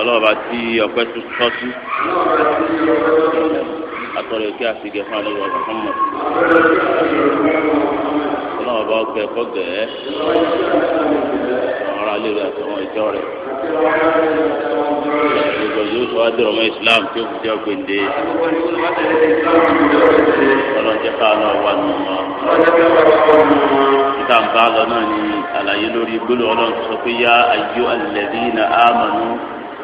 ọlọ́ọ̀bá tí ọpẹ́ tó tọ́sí atọ́lẹ̀ kí a fi gẹ̀ fún àlejò Muhammad ọlọ́ọ̀bá ọgbẹ́ kọ́gẹ́ àwọn ará ilé rẹ̀ àtàwọn ìjọ rẹ̀ ìjọ yóò sọ adúrò mọ́ Islam tí ó fi jẹ́ gbèǹde ọlọ́jẹ́ ká náà wà nù wọn. níta ń lọ náà ni àlàyé lórí gbólóhùn ọlọ́run sọ pé yá ayyuhal ladhina amanu.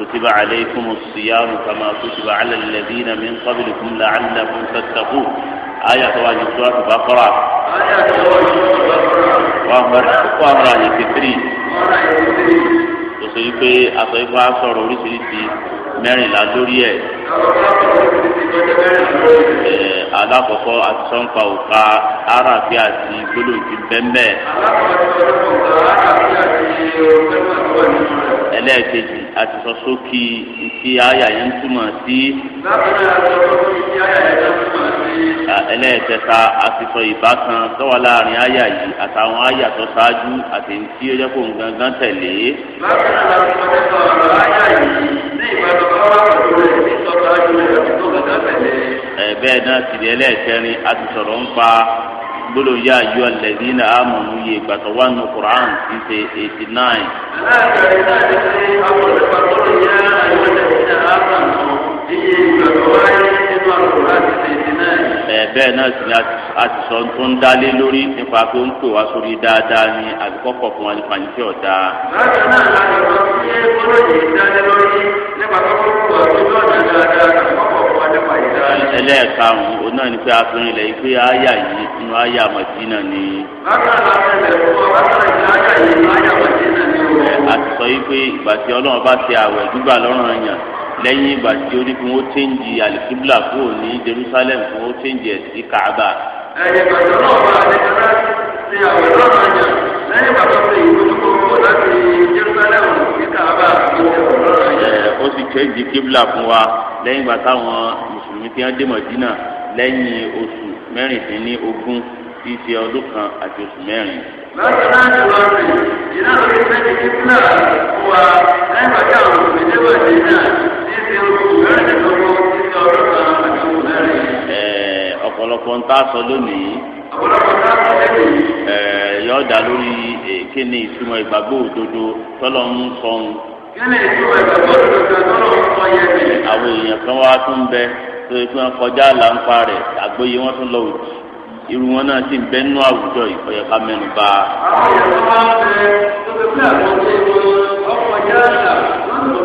كتب عليكم الصيام كما كتب على الذين من قبلكم لعلكم تتقون آية واجه سورة بقرة آية واجه سورة بقرة وأمر أطيب عصر ورسلتي مرن لازوريا alakoko ati sɔnka oka ara fi ati gbolo ti bɛnbɛn ɛlɛ keji a ti sọ sókè ti àyà yẹn túmọ̀ sí. ẹlẹ́ẹ̀kẹta a ti sọ ìbátan tó wà láàrin àyà yìí àtàwọn àyà tó ṣáájú àti tí ó jẹ́ kó ń gangan tẹ̀lé. bákan náà a ti sọ pé sọ ọ̀rọ̀ àyà yìí ní ìbátan tó wà pẹ̀lú rẹ̀ ní sọ́tọ̀ àjò rẹ̀ tó gangan tẹ̀lé. ẹ̀ bẹ́ẹ̀ náà sì ni ẹlẹ́ẹ̀kẹrin a ti sọ̀rọ̀ ń pa gbọ́dọ̀ yá ayọ alẹbi ní amọnu yìí gbàtọ wà nù Quran ti ṣe eighty nine. bẹ́ẹ̀ náà sì ni a ti sọ tó ń dálé lórí nípa pé ń pè wá sórí dáadáa ni àbíkọ́kọ̀ fún wa nípa ní tí ọ̀dà. bákan náà la sọ fún yé kúrò dálé lórí nípa tó ń pè wá sórí ọ̀dà dáadáa ẹlẹ́ẹ̀karùn-ún òun náà ni pé afinrin lẹ̀ pé àyà yìí inú àyà mọ̀jìnà ni. a ti sọ yìí pé ìgbà tí ọlọ́run bá ṣe àwẹ̀ gbígbà lọ́rùn ẹ̀yàn lẹ́yìn ìgbà tí ó ní kí wọ́n tẹ́ǹjì àlìkíbùlà kúrò ní Jerusalem kí wọ́n tẹ́ǹjì ẹ̀ sí Kaaba. ẹ̀yẹ̀ bàtọ́ náà wà ní ẹ̀rọ ṣe àwẹ̀ lọ́rùn ẹ̀yàn lẹ́yìn bàtọ́ sí ó sì chẹ́ǹjì kíbla fún wa lẹ́yìn ìgbà táwọn mùsùlùmí ti hàn dé Mọ̀dínà lẹ́yìn oṣù mẹ́rìndínlógún tí í ṣe ọdún kan àti oṣù mẹ́rin. lọ́sọ̀rọ̀ àti wọ́n kí ni ìtumọ̀ ìgbàgbọ́ òdodo tọ́lọ̀ ń sọ ń. kí ni ìtumọ̀ ìgbàgbọ́ òdodo tọ́lọ̀ ń sọ yẹn mi. àwọn èèyàn kan wá tún bẹ tó yẹ kí wọ́n kọjá àlàǹfà rẹ̀ àgbóyé wọ́n tún lọ òdì irú wọn náà sì ń bẹ nínú àwùjọ ìkọyẹ ká mẹ́nu bá. àwọn èèyàn wọn lọ wọn lóye wọn bá tán nínú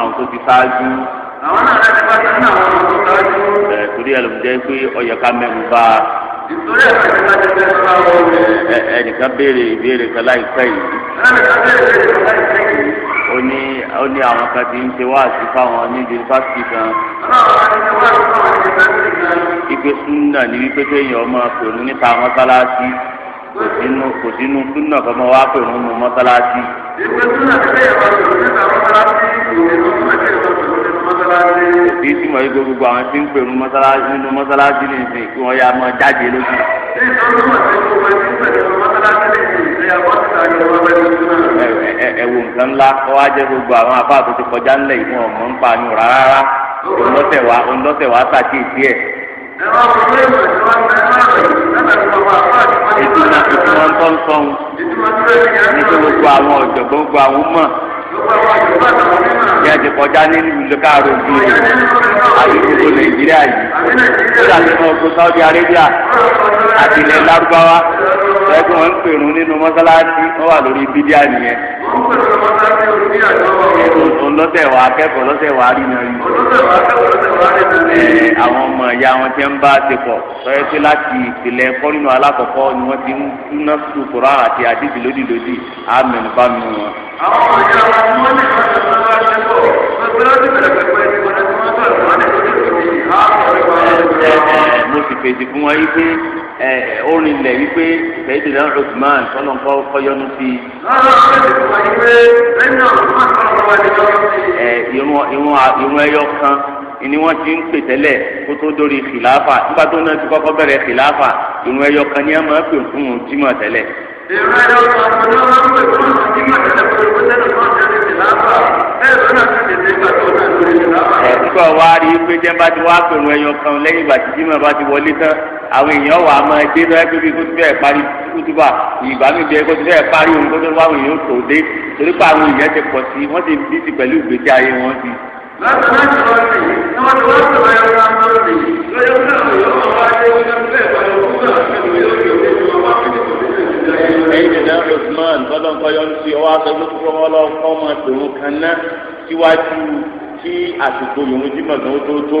àwọn tó ti ṣáájú. àwọn náà láti bá tán nínú àwọn tó ti ṣáájú torí ẹ ló jẹ́ pé ọyọ ká mẹ́nu bá a. ìtòrí ẹ̀ fẹ́ ká jẹ́ fẹ́ sọ́ra wọn ni. ẹ ẹnìkan béèrè ìbéèrè kan láìpẹ́ yìí. ẹnìkan béèrè ìbéèrè kan láìpẹ́ yìí. ó ní ó ní àwọn kan ti ń ṣe wáàsí fáwọn ní yunifásitì kan. ìgbé súnà ní wípé kéèyàn ọmọ pẹ̀lú nípa mọ́sálásí kò sínú kò sínú súnà kan mọ́ wá pẹ̀lú mọ́sálásí. ìgbé súnà kéèyàn ọmọ pẹ̀lú nípa mọ́sálásí kò sínú súnà kéèyàn mọ́sálásí. èyí tí mo yí gbogbo àwọn tí ń pè nínú mọ́sálásí nínú mọ́sálásí ní ìsìn kí wọ́n yá mọ́ jáde lójú. ẹ wo nǹkan ńlá ọ wá jẹ gbogbo àwọn apá tó ti kọjá ńlẹ̀ yìí wọn mọ̀ ń pa àyùn rárá òǹdọ́tẹ̀ wá òǹdọ́tẹ̀ wá sàkíyèsí ẹ̀. ètò náà ètò wọn tọ́ ń sọ́hun nítorí gbogbo àwọn ọ̀jọ̀gbọ́n gbogbo àwọn mọ̀ yẹn ti kọjá nínú ìlú káàró ju àbí gbogbo nàìjíríà yìí ó dàbí wọn kó Saudi Arabia àti ilẹ̀ lárúbáwá ẹgbẹ́ wọn ń pèrún nínú mọ́sálásí wọn wà lórí bídíà nìyẹn òun lọ́sẹ̀ wà akẹ́kọ̀ọ́ lọ́sẹ̀ wà á rí náà yìí. àwọn ọmọ ìyá wọn ti ń bá ṣe pọ̀ sọ́yẹ́ sí láti ìpìlẹ̀ kọ́rínù alákọ̀ọ́kọ́ ni wọ́n ti ń ná sùkúrà àti àdìsí lódìlódì àmẹ́nu bá mi wọn. àwọn ọmọ ìyá wọn ni wọ́n ní ìfọ̀sọ̀rọ̀ bá ṣe pọ̀ mo sì fèsì fún wọn yí ẹ orin lẹ wípé bẹẹdi náà Usman sọlọ nǹkan kọyọnu sí i. ẹ irun ẹyọ kan ni wọn ti ń pè tẹ́lẹ̀ kó tó dórí kìláfà nígbà tó náà ti kọ́kọ́ bẹ̀rẹ̀ kìláfà irun ẹyọ kan ni a máa pè fún un tí tẹ́lẹ̀. irun ẹyọ kan ni wọn máa pè fún un tí tẹ́lẹ̀ kó tó dórí kìláfà ẹ ẹ lọ́nà tó náà lórí kìláfà. ẹ wá rí pé jẹ́ bá ti wá pè wọn ẹyọ kan lẹ́yìn ìgbà tí jimá bá ti wọlé tán àwọn èèyàn wà á máa dé lọ́yẹ́ pé bí kó ti bẹ́ẹ̀ parí kútúbà ìgbà mi bẹ́ẹ̀ kó ti bẹ́ẹ̀ parí ohun tó tó wá àwọn èèyàn tó dé torí pé àwọn èèyàn ti pọ̀ sí wọ́n ti bí ti pẹ̀lú ìgbésí ayé wọn ti. ẹ̀yìn náà Usman bọ́dọ̀ nǹkan yọ sí ọwọ́ aṣojú tó wọ́n lọ kọ́ ọmọ tòun kan náà síwájú kí àsìkò yòówù jímọ̀ náà tó tó.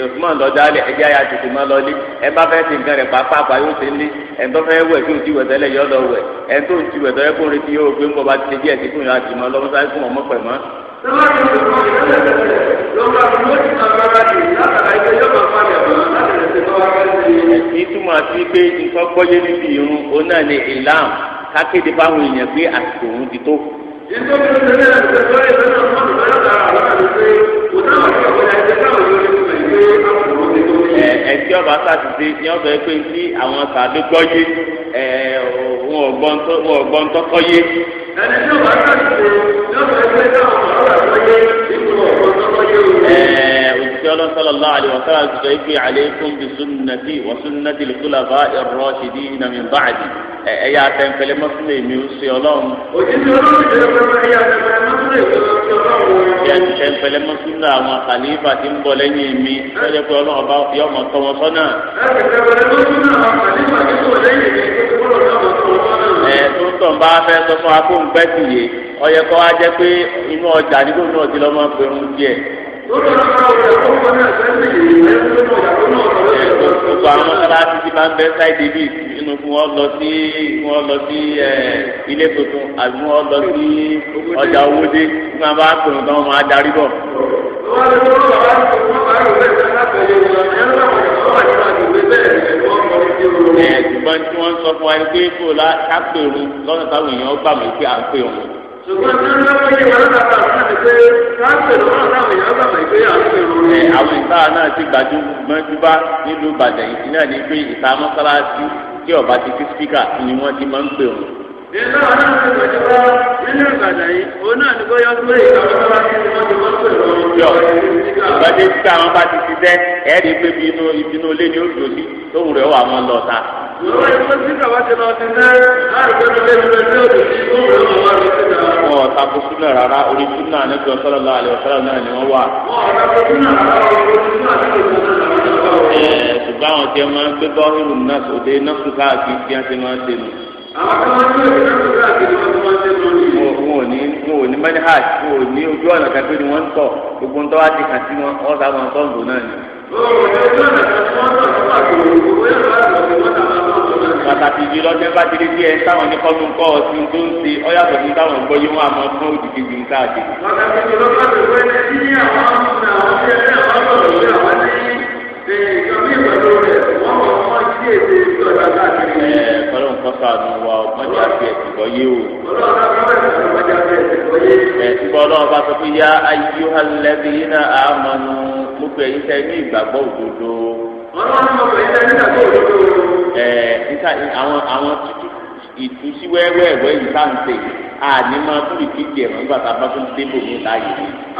Usman lọ́jà lẹ̀ ẹ̀jẹ̀ ayé àtètè máa lọ lé ẹ bá fẹ́ ti nǹkan rẹ̀ pàápàá yóò ṣe lé ẹ̀ fẹ́ wẹ̀ tó ti wẹ̀ tẹ́lẹ̀ yọ lọ wẹ̀ ẹ̀ tó ti wẹ̀ tẹ́lẹ̀ kó retí yóò gbé ńkọ́ bá ti ṣe díẹ̀ sí fún yàrá ti mọ́ sáré fún ọmọ pẹ̀ mọ́. ìtumọ̀ àti pé nǹkan gbọ́yé níbi irun òun náà ni ìlàm kákéde fáwọn èèyàn pé àsìkò òun ti tó. ìtọ́jú ìṣẹ̀lẹ̀ ìṣẹ̀lẹ̀ ìṣẹ̀lẹ̀ ọ̀sán ìbáyọ̀ ẹ ẹ tí ọba sàtìsí ní ọbẹ̀ pé tí àwọn sàdé gbọ́ yé ẹ wọn ọgbọ́n tọ́kọ́ yé. ẹni tí ọba sàtìsí ní ọbẹ̀ pé tí àwọn sàdé gbọ́ yé ìgbìmọ̀ ọgbọ́n tọ́kọ́ yé o òjíṣẹ́ ọlọ́run sallallahu alaihi wa sallam sọ pé alaykum bi sunnati wa sunnati lùkúlàbá ar-rashidina min ba'di ẹ̀yà tẹ̀m̀pẹ̀lẹ̀ mọ́sílẹ̀ mi ò ṣe ọlọ́run. òjíṣẹ́ ọlọ́run ṣe ẹ̀yà tẹ̀m̀pẹ̀lẹ̀ mọ́sílẹ̀ àwọn àkàlífà ti ń bọ̀ lẹ́yìn mi lọ́jọ́ pé ọlọ́run bá yọ ọmọ tọ́ wọn sọ́nà. tó ń bá fẹ́ sọ fún akóńgbẹ́sì yìí ọyẹ kọ́ wá jẹ́ pé inú ọjà nígbò náà ti lọ́ máa ń pẹ̀rù díẹ̀ gbogbo àwọn mọ́sálásí ti máa ń bẹ sáìdì bíi inú fún wọn lọ sí wọn lọ sí ilé tuntun àbí wọn lọ sí ọjà owóde tí wọn bá pè wọn wọn máa darí bọ̀. ṣùgbọ́n tí wọ́n sọ fún wa pé kó o la ká pè òun lọ́nà táwọn èèyàn gbà mí pé à ń pè òun ṣùgbọ́n tí àwọn ìta náà ti gbajúmọ́júbá nílùú Ìbàdàn yìí náà ni pé ìta mọ́sálásí tí ọba ti fi spíkà ni wọ́n ti máa ń pè wọ́n. ìta náà ti gbajúmọ́ nínú Ìbàdàn yìí òun náà ni bóyá pé ìta mọ́sálásí ni wọ́n ti máa ń pè wọ́n. ìbàdí tí àwọn bá ti ti tẹ́ ẹ̀ẹ́dì pé ibi inú ilé ni ó dòdì tóun rẹ̀ wà mọ́ lọ́ta wọn tako sunna rárá orí sunna anabi ọsọlọ lọ àlẹ ọsọlọ náà ni wọn wà. ṣùgbọ́n àwọn jẹ́ máa ń pé bọ́ọ̀lù náà sòdé náà sùn káàkiri kí wọ́n ti máa ń dènù. àwọn kan máa ń pè é náà sùn káàkiri wọ́n ti máa ń dènù wọn ò ní wọn ò ní ní ojú ọ̀nà kan ni wọ́n ń tọ̀ gbogbo ń tọ́ wá ti kàn sí wọn ọ̀sán wọn tọ́ náà ni pàtàkì ìdí lọ́jọ́ bá ti rí bí ẹ táwọn ní kọ́tún kọ́ ọ sí tó ń ṣe ọ̀yàtọ̀ ní táwọn ń gbọ́ yín wọn àmọ́ fún òdìdí ìdí ń káàkiri. pàtàkì ìdí lọ́jọ́ bá ti rí bí ẹ táwọn ní kọ́tún kọ́ ọ sí tó ń ṣe ọ̀yàtọ̀ ní táwọn ń gbọ́ yín wọn àmọ́ fún òdìdí ìdí ń káàkiri sí èdè ìjọba káàkiri. ẹ kọlọ́n kọ́sà ni wa ọmọdé àti ẹ̀sìnkọ́ yé o. ẹ̀sìnkọ́ ọlọ́run bá sọ pé yá ayé alẹ́bí iná àmọ́nu gbogbo ẹ̀yin tẹ́ ní ìgbàgbọ́ òdodo. ẹ níta àwọn àwọn ìtúsí wẹ́wẹ́wẹ́ yìí tá à ń tè àní máa tún ìdíje ẹ̀rọ nígbà tá a bá tún débò ní láàyè.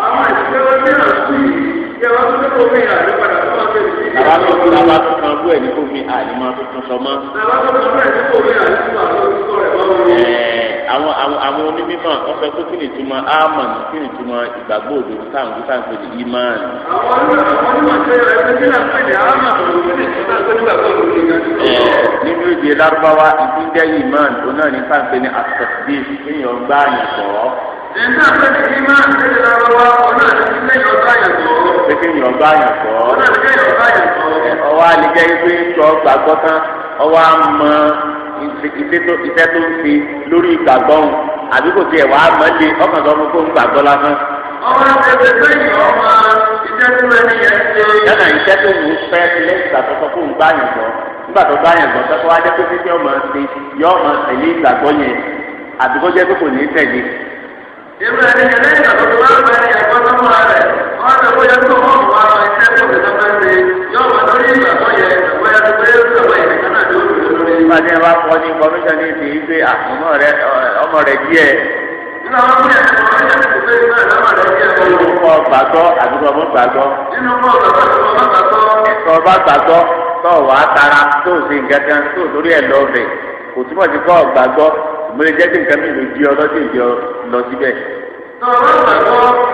àwọn ìṣòro mìíràn sí i ìjọba tó tó mi àlọ́ padà tó máa bẹ̀rẹ̀ sí. bàbá tó tó bàbá tó kan bú ẹ̀ ní kò mi àlè máa tó tún sọ mọ́. bàbá tó tó bẹ̀rẹ̀ sí kò mi àlè tó máa tó tún sọ rẹ̀ bá wọn. àwọn àwọn àwọn onímọ̀ wọ́n sọ pé kí ni ìtumọ̀ ámọ̀ ní kí ni ìtumọ̀ ìgbàgbọ́ òdodo táwọn tó táwọn pèlè yìí máa ń. àwọn onímọ̀ ṣe rẹ̀ ṣe kí náà pèlè ámọ̀ nínú èdè lárúbáwá ìdíjẹ́ yìí máa ń tó náà ní fáńpẹ́ ní àtọ̀sídéé ìgbà pẹ̀lú kí máa ń tẹ̀lé lọ́wọ́ wa ọ̀nà àti lẹ́yìn ọ̀gá àyànfọ́. pé kí yàn ọ̀gá àyànfọ́. ọ̀nà àti lẹ́yìn ọ̀gá àyànfọ́. ọwọ́ àlejò ìgbé sọ gbàgbọ́ tán ọwọ́ á mọ iṣẹ́ tó ń fi lórí ìgbàgbọ́ àbí kò tiẹ̀ wàá mọ̀ lé ọkàn tó ń gbàgbọ́ lásán. ọmọ ẹgbẹ́ sẹ́yìn ọmọ tó yẹn ṣe. tó ń fẹ́ irú ẹni yẹn lẹ́yìn ìgbà tó ti máa ń bẹ ẹ̀kọ́ sọ́mọ́ rẹ̀ wọ́n ti bóyá tó wọ́n mú àwọn iṣẹ́ tó ti sọ́mọ́ ṣe yóò wọ́n lórí ìgbà tó yẹ bóyá tó bóyá tó wọ́n yẹ kí náà tó lórí. nígbà tí ẹ bá kọ́ ní kọmíṣán ní ìsìn yìí pé ọmọ rẹ̀ díẹ̀. nínú àwọn ọmọ yẹn ọmọ yẹn ti pé ìgbà ìdáwà rẹ̀ díẹ̀ kọ́. nínú kọ́ gbàgbọ́ àti kọ́ gbàgbọ́. nínú kọ́ gbàgbọ́ àti kọ́ gbàgbọ́ mo lè jẹ́ nǹkan mi lè di ọ lọ́sí ìdí ọ lọ síbẹ̀. tọ́lá gbàgbọ́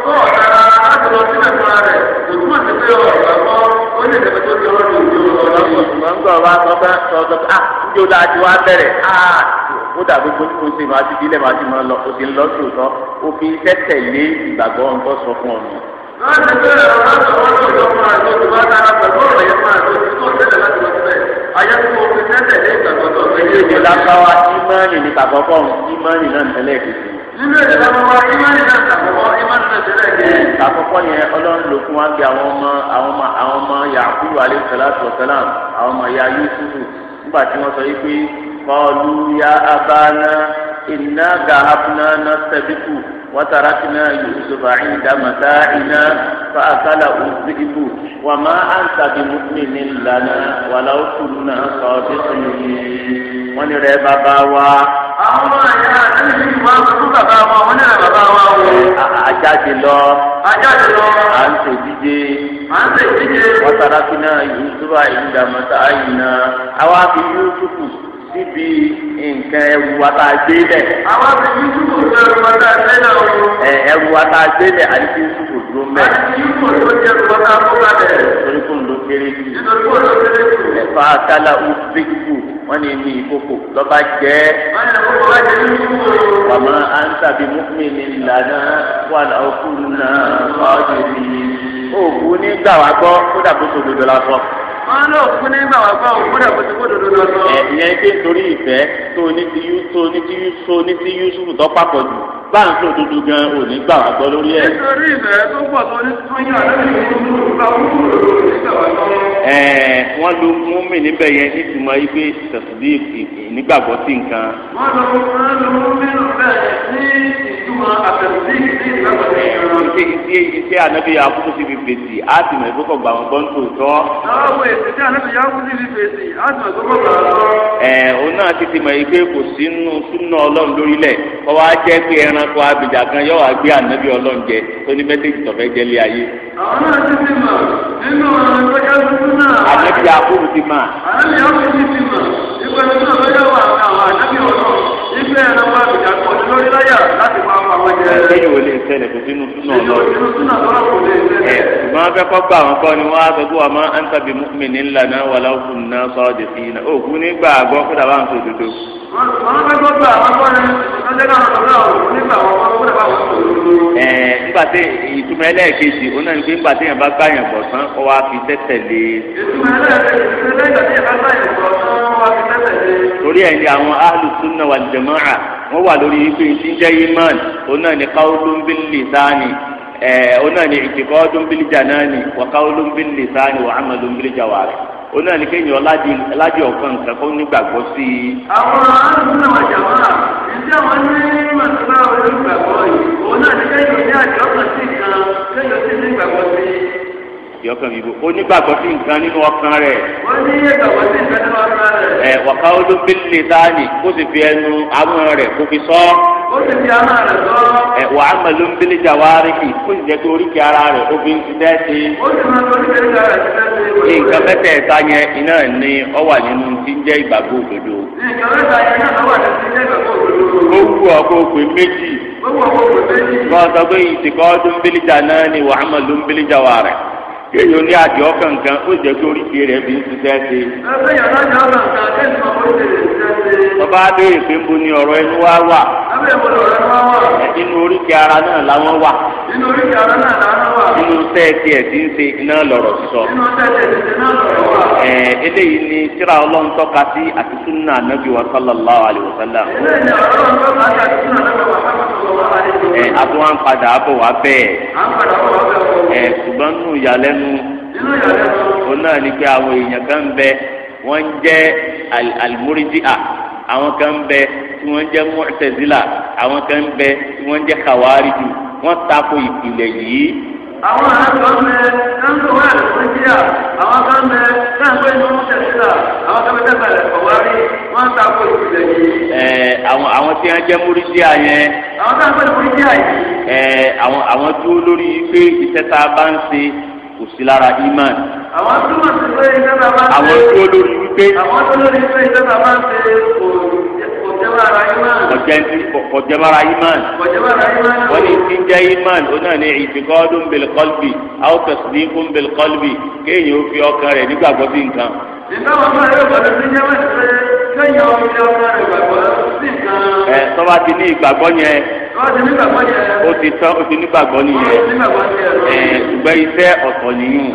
tó ọ̀tá láti lọ sílẹ̀ fúnra rẹ̀ kò túmọ̀ sí pé ọ̀rọ̀ gbàgbọ́ ó lè tẹ̀lé tó di ọ̀rọ̀ lè di ọ̀rọ̀ lọ́wọ́. mọ̀ ń gbọ́ wa sọ fẹ́ sọ sọ ah níjó la ti wá ah ó dàbí kó kó ṣe máa ti di ilẹ̀ máa ti máa lọ kó ti lọ sí òótọ́ ó fi tẹ́tẹ̀ lé ìgbàgbọ́ nǹkan sọ fún ọ̀nà. láti bẹ̀rẹ̀ ọ̀rọ̀ àti ọ̀rọ̀ tó yọ fún àjọ tó bá dára pẹ̀lú ọ̀rọ̀ yẹn fún àjọ tó tẹ̀lé láti ayẹ́tùkọ̀ ti tẹ́lẹ̀ lé ìgbàgbọ́dọ̀ rẹ̀. ilé ìwé lágbáwá ìmọ̀ọ́nì ní kàkọ́kọ́ ìmọ̀ọ́nì náà tẹ́lẹ̀ kejì. ilé ìwé lágbáwá ìmọ̀ọ́nì náà kàkọ́kọ́ ìmọ̀ọ́nì náà tẹ́lẹ̀ kejì. kàkọ́kọ́ yẹn ọlọ́run ló fún wa bí àwọn ọmọ àwọn ọmọ àwọn ọmọ yakubu alayhi salatu àwọn ọmọ ya yusufu nígbà tí wọ́n sọ yìí pé kọ́ọ̀lù ya abana إنا ذهبنا نستبق وتركنا يوسف عند متاعنا فأكله الذئب وما أنت بمؤمن لنا ولو كنا صادقين ونرى بابا وا àwọn àyà àtẹnudí ìwà pẹ̀lú bàbá wa wọn nílẹ̀ bàbá wa o. ajáde lọ. ajáde lọ. à ń tẹ díje. à ń tẹ díje. wọ́n tara kí náà Yusufa ìdààmú tá a yìí náà. àwa fi Yusufu níbi nǹkan ẹrù àtàgbé lẹ̀. àwọn ti yí túbọ̀ jẹ́ ẹrù àtàgbé náà o. ẹ ẹrù àtàgbé lẹ̀ àti yí túbọ̀ dúró mẹ́. àti yí túbọ̀ tó jẹ́ ẹrù àtàgbé lẹ̀. nítorí kò ń lo kéré jù. nítorí kò ń lo kéré jù. ẹ̀fọ́ akálà ó fi wọ́n ní ní ìkókò lọ́ba jẹ́. wọ́n ní ìkókò bá jẹ́ ní ìkókò. wàmọ́ à ń tàbí mọ́kùnrin wọn lọ fún ní bàbá gbọ́ òkú rẹ̀ kó ti kó dodo lọ lọ. ẹ̀yẹ́ pé torí ìfẹ́ tó ní ti yú tó ní ti yú tó ní ti yú sùn tó papọ̀ jù bá ń sọ dodo gan ò ní gbà wá gbọ́ lórí ẹ̀. nítorí ìfẹ́ tó pọ̀ tó ní tó yà lẹ́yìn ẹ̀ẹ́ wọ́n lu múmi níbẹ̀ yẹn nítumọ̀ yìí pé tẹ̀sídìí nígbàgbọ́ sí nǹkan. wọ́n lu múmi níbẹ̀ yẹn ṣe ìdí èyí tí ànábì Yakubu ti fi fèsì á ti mọ̀ ìfowópamọ́ gbà wọn gbọ́n tó tọ́. àwọn èsì tí ànábì Yakubu ti fi fèsì á ti mọ̀ ìfowópamọ́ gbà wọn tọ́. ẹ òun náà ti ti mọ̀ yìí pé kò sínú súnà ọlọ́run lórílẹ̀ kọ́ wa jẹ́ pé ẹranko abìjà kan yóò wá gbé ànábì ọlọ́run jẹ tó ní mẹ́tẹ́ẹ̀tì tọ̀fẹ́ jẹ́ lé ayé. àwọn náà ti ti mọ̀ nínú ànábì Yakubu ti mọ̀. ànábì Yakubu ti ti mọ̀ ìgbà ẹ̀sìn ìwò lè ṣẹlẹ̀ kò sínú súnà ọlọ́run. ẹ̀ ṣùgbọ́n afẹ́kọ́ gbà wọn kọ́ ni wọ́n á sọ pé wàá máa ń tàbí mí ní ńlànà wà láwùjọ náà sọ́ọ́ di sí iná. òkú nígbà àgbọ̀ kó dàbà ń sọ òdodo. wọ́n fẹ́ gbọ́ gbà wọn kọ́ ni wọ́n jẹ́ káwọn ọ̀dọ́ náà nígbà wọn kọ́ nígbà wọn sọ òdodo. ẹ̀ nígbà tí ìtumọ̀ ẹlẹ́ẹ̀kejì ó náà ní pé nígbà tí yẹn bá gbà yẹn bọ̀ tán ọ wá fi tẹ́tẹ̀ lé. ìtumọ̀ ẹlẹ́ẹ̀kejì torí ẹ̀ ní àwọn ahlu sunna wal jamaa wọ́n wà lórí ipe ìṣíjẹ́ imán òun náà ní qawlun bil lisani òun náà ní i'tiqadun bil janani wa qawlun bil lisani wa amalun bil jawari òun náà ní kéèyàn ọlájì ọ̀kan nǹkan kó nígbàgbọ́ sí i. àwọn ahlu sunna wal jamaa ìṣẹ́ ní màtúbà olùgbàgbọ́ yìí òun jẹ́ ọkàn mi bò ó nígbàgbọ́ sí nǹkan nínú ọkàn rẹ̀. ó ní ìgbàgbọ́ sí nǹkan nínú ọkàn rẹ̀. ẹ wàkà olóbìnrin lè sáàni kó sì fi ẹnu àwọn rẹ̀ kó fi sọ. ó sì fi àwọn rẹ̀ sọ. ẹ wà á mọ̀ lóbìnrin jàwárí kì kó sì jẹ́ pé oríkì ara rẹ̀ ó fi ń ṣiṣẹ́ sí. ó sì máa ń oríkì ara rẹ̀ ṣiṣẹ́ sí. nǹkan mẹ́tẹ̀ẹ̀ta yẹn iná ní ọ wà nínú tí ń méjì. ó wù ọkọ̀ méjì. kọ́ ọ ìsìnkọ́ ọdún bílíjà náà ni wàhámà ló ń bílíjà wà rẹ̀. kéèyàn ní àjọ ọkàn kan ó jẹ kí oríṣi rẹ fi ń ṣiṣẹ́ ṣe. bàbá abéèrè pé mo ní ọ̀rọ̀ ẹnu wà. oríṣi ara náà làwọn wà. oríṣi ara náà làwọn wà. ti ń ṣe iná lọ̀rọ̀ sọ. nínú sẹ́ẹ̀tì ẹ̀ ti ń ṣe iná lọ̀rọ̀ wà. eléyìí ẹ àtúwọ̀n padà bọ̀ wá bẹ́ẹ̀ ẹ ṣùgbọ́n nù ìyàlẹ́nu òun náà ni pé àwọn èèyàn kan bẹ wọ́n jẹ́ alimuriji'a àwọn kan bẹ tí wọ́n jẹ́ mu'tazila àwọn kan bẹ tí wọ́n jẹ́ kawariju wọ́n tako ìpìlẹ̀ yìí àwọn àgbà mẹ káńtó wà lóṣìṣìyà àwọn àgbà mẹ káńtó inú mùsàlùmá àwọn àgbà mẹ káńtó àlẹkọwárí wọn ta kó ìpìlẹ̀ yìí. ẹ àwọn àwọn tí wọn jẹ múrídìá yẹn. àwọn tí wọn jẹ múrídìá yìí. ẹ àwọn àwọn dúró lórí pé iṣẹ́ tá a bá ń ṣe kò sí lára iman. àwọn túmọ̀ sí pé iṣẹ́ tá a bá ń ṣe. àwọn dúró lórí wípé. àwọn dúró lórí pé iṣẹ́ tá a bá ń ṣe kò kọjẹbara iman wọ́n ní ti jẹ́ iman ó náà ní ìtìkọ́dún bilkọ́lbì àwòtẹ́sìdì kún bilkọ́lbì kéèyàn ó fi ọkàn rẹ̀ nígbàgbọ́ sí nǹkan. ìtàwọn ọmọ rẹ̀ gbọ́dọ̀ sí jẹ́ wọ́n ti kéèyàn ó fi ọkàn rẹ̀ gbàgbọ́ sí nǹkan. ẹ tọ́ba ti ní ìgbàgbọ́ yẹn ó ti tán ó ti nígbàgbọ́ nìyẹn ẹ ṣùgbọ́n iṣẹ́ ọ̀tọ̀ nìyẹn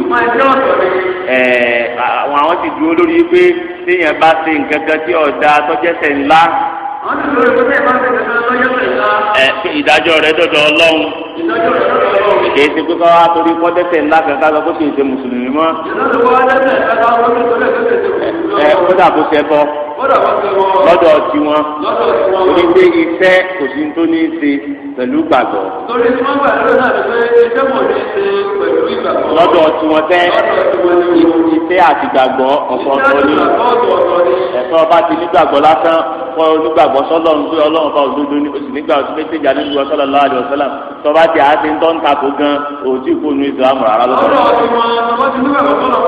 ẹ àwọn àwọn ti dúró lórí ẹ ìdájọ́ rẹ̀ dọ̀dọ̀ ọlọ́run kìí ṣe pé káwá torí pọ́tẹ́tẹ̀ ńlá kankan lọ kó sì ṣe mùsùlùmí mọ́. ẹ ó bó ṣe bọ́ lọ́dọ̀ tiwọn onígbé iṣẹ́ kò sí tó ní í ṣe pẹ̀lú gbàgbọ́. torí tí wọ́n gbà lórí náà pé ẹgbẹ́ mọ̀ ní ṣe pẹ̀lú ìgbàgbọ́. lọ́dọ̀ tí wọ́n tẹ́ ìfẹ́ àti gbàgbọ́ ọ̀tọ̀ọ̀tọ̀ ni ẹ̀fọ́ ọba ti nígbàgbọ́ lásán kọ́ onígbàgbọ́ sọ́lọ́ ń gbé ọlọ́run bá òdodo ní oṣù nígbà oṣù méjèèjì àdéhùn ọ̀sán lọ́la àdé ọ̀sán làm tọ́ba ti àáṣe ń tọ́ǹta kó gan òtí kò nu ìsìlámù rárá lọ́sọ̀rọ̀. ọlọ́run ti wọn ọmọ ti nígbàgbọ́ sọ́lọ́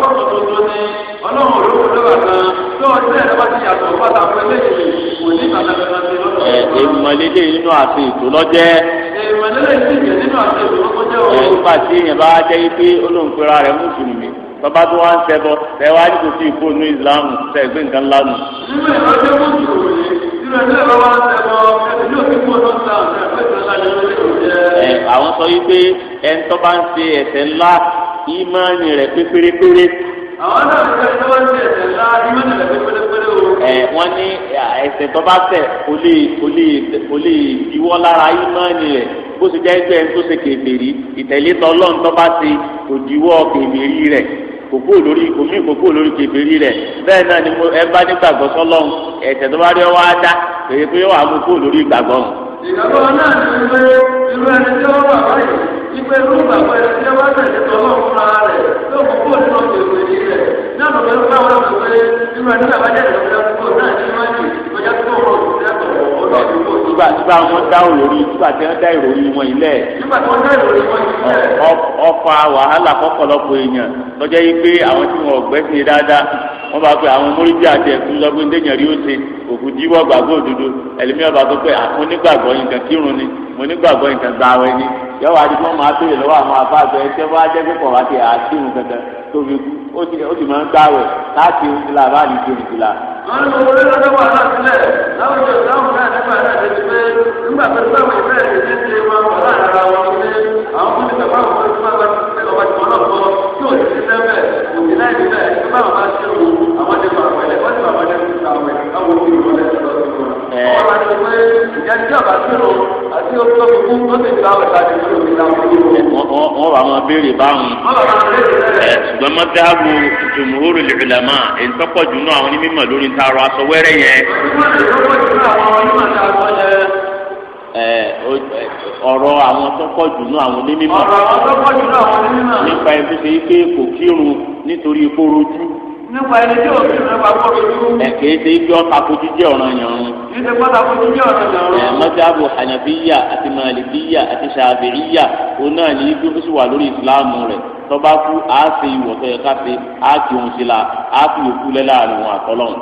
ẹ̀ẹ́dẹ̀ mọ̀lẹ́dẹ̀ nínú àti ètò lọ́jẹ́. ẹ̀ẹ́dẹ̀ nígbà tí èèyàn bá jẹ́ pé olóńgbèrà rẹ̀ mùsùlùmí bàbá tó wá ń ṣẹbọ ẹ wá ní kò sí ìkó inú ìsìlámù tẹ ẹgbẹ́ nǹkan ńlá nù. nínú ìlú ọjọ́ mùsùlùmí nínú ìlú ẹ̀rọ wá ń ṣẹbọ ẹ̀ẹ́dẹ̀ ní òkú ọdún sáà ń ṣẹbọ ẹ̀ẹ́dẹ̀ ńlá ní àwọn sọ wípé ẹni tó bá ń ṣe ẹ̀ṣẹ̀ ńlá ìmọ̀ ẹni rẹ̀ pé àwọn náà ń tẹ tó ń tẹ ẹsẹ̀ ńlá inú ìlẹ̀ pépérépéré o. ẹ wọn ní ẹsẹ̀ tó bá tẹ kò lè kò lè kò lè diwọ́ lára ìmánì rẹ̀ bó ti jẹ́ pé ẹni tó ṣe kèmèrí ìtẹ̀lé tọ́lọ́n tó bá ti kò diwọ́ kèmèrí rẹ̀ kòkó lórí omi kòkó lórí kèbèrí rẹ bẹ́ẹ̀ náà ni mo ẹ bá nígbàgbọ́ sọ́lọ́run ẹsẹ̀ tó bá rí ọwọ́ ajá èyí pé yóò mú kó lórí ìgbàgbọ́. ìgbàgbọ́ náà ti ń gbé irú ẹni tí wọ́n wà báyìí ìpè irú ìgbàgbọ́ ẹni tí wọ́n tẹ̀lé tọ́lọ́ fúnra rẹ̀ yóò mú kó nínú ìwé ní rẹ̀ náà ló fẹ́ẹ́ fáwọn ọ̀sùn pé irú ẹni bàbá jẹ́ ìrọ̀lẹ́ kúkú náà ní iwájú ọjà tó kọ̀ ọ̀rọ̀ òṣìṣẹ́ nígbà tí bá wọn dá òròrí nígbà tí wọn dá ìròyìn wọn ilẹ̀ ọfà wàhálà kọkọlọpọ èèyàn lọ́jọ́ yìí pé àwọn tí wọn ọgbẹ sí dáadáa wọn bá pe àwọn mórídìí àti ẹkùn lọgbìn déyàn rí ó ṣe òkú jíwọ gbàgbọ́ òdodo ẹlẹmí ọba tó pé àfún nígbàgbọ́ yìí kan kírun ni mo nígbàgbọ́ nǹkan gba àwọn ẹni yọ̀wọ́ adigun máa béèrè lọ́wọ́ àwọn afáàgbẹ́ ẹ̀ṣẹ́ bá jẹ́ pé kọ̀ wá ti àti ìhun kankan tó fi kú ó sì máa ń gbàwẹ̀ láti ohun tìlà bá ní ìjòyè tìlà. wọ́n ní owó lórí ọjọ́ wàhálà sílẹ̀ láwùjọ ìdáhùn náà nígbà náà ṣe ti pé nígbà pẹ̀lú àwọn ìfẹ́ ẹ̀ ṣe ṣe wọn wà láàrin ara wọn ní àwọn fún ìgbà báwọn fún ìgbà bá ti ọba ti wọn náà kọ́ tí ò sí sẹ́fẹ̀ òkè láì nílẹ̀ báwọn bá ṣe wò àwọn ẹni bàbá ẹ̀ wọ́n ti bàbá ẹ̀ ọba ni pé ìyájú ọba kírò àti ọkọ kúkú ó sì gba ọ̀sà ní ìlú mi náà wọ́n wọ́n bá wọn béèrè báwọn. ṣùgbọ́n mọ́tàbù jùmùhúrù lìlàmà èyí tọ́pọ̀ jù náà àwọn onímọ̀ lórí taarọ aṣọ wẹ́rẹ́ yẹn. ọ̀rọ̀ àwọn tọ́pọ̀ jù náà àwọn onímọ̀ nípa ẹ̀ ṣe é pé kò kírun nítorí ikú rojú nípa ẹni tí òfin rẹ̀ bá gbọ́ lójú. ẹ kì í ṣe ibi ọ̀tà kojú jẹ́ ọ̀ràn yẹn rún. kì í ṣe pọ́tà kojú jẹ́ ọ̀ràn yẹn rún. ẹ mọ́jáàbù hànàfíyà àti màlìkíyà àti ṣàbíyà òun náà ní ibi ó sì wà lórí ìsìláàmù rẹ̀ tọ́ba kú àá ṣe ìwọ̀tọ̀ yẹ ṣe àá kí òun ṣe la àá fi òkú lẹ́ láàrin òun àtọ́lọ́run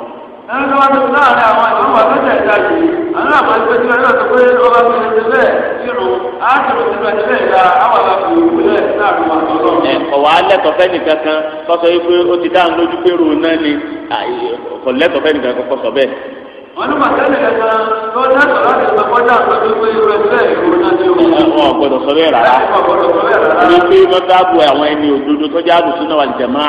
ẹni tó bá tó láàrin àwọn ìwọ́n wà lọ́jà ìta yìí àwọn àmọ́ ìgbé tí wọ́n yóò sọ pé ọba tó lè ṣe bẹ́ẹ̀ nírun á ti rò sínú ẹni bẹ́ẹ̀ ya àwọn àlàfo ìwú lẹ̀ láàrin wọn àtọ́ lọ́rùn. ọ̀wá lẹ́tọ̀ fẹ́ni kankan kọ́sọ́ yìí pé ó ti dáhùn lójú pé ròó náà ni kò lẹ́tọ̀ fẹ́ni kankan kọ́sọ́ bẹ́ẹ̀ wọn ní màtẹ́lẹ̀ ẹ̀ka tó dáàbò láti ìgbàgbọ́ dáàbò tó gbé irú ẹgbẹ́ ìròyìn náà ní òun. wọn gbọ́dọ̀ sọ bẹ́ẹ̀ rárá ní pé mọdàbọ àwọn ẹni òdodo tó jáàbù súnà wà jẹmọ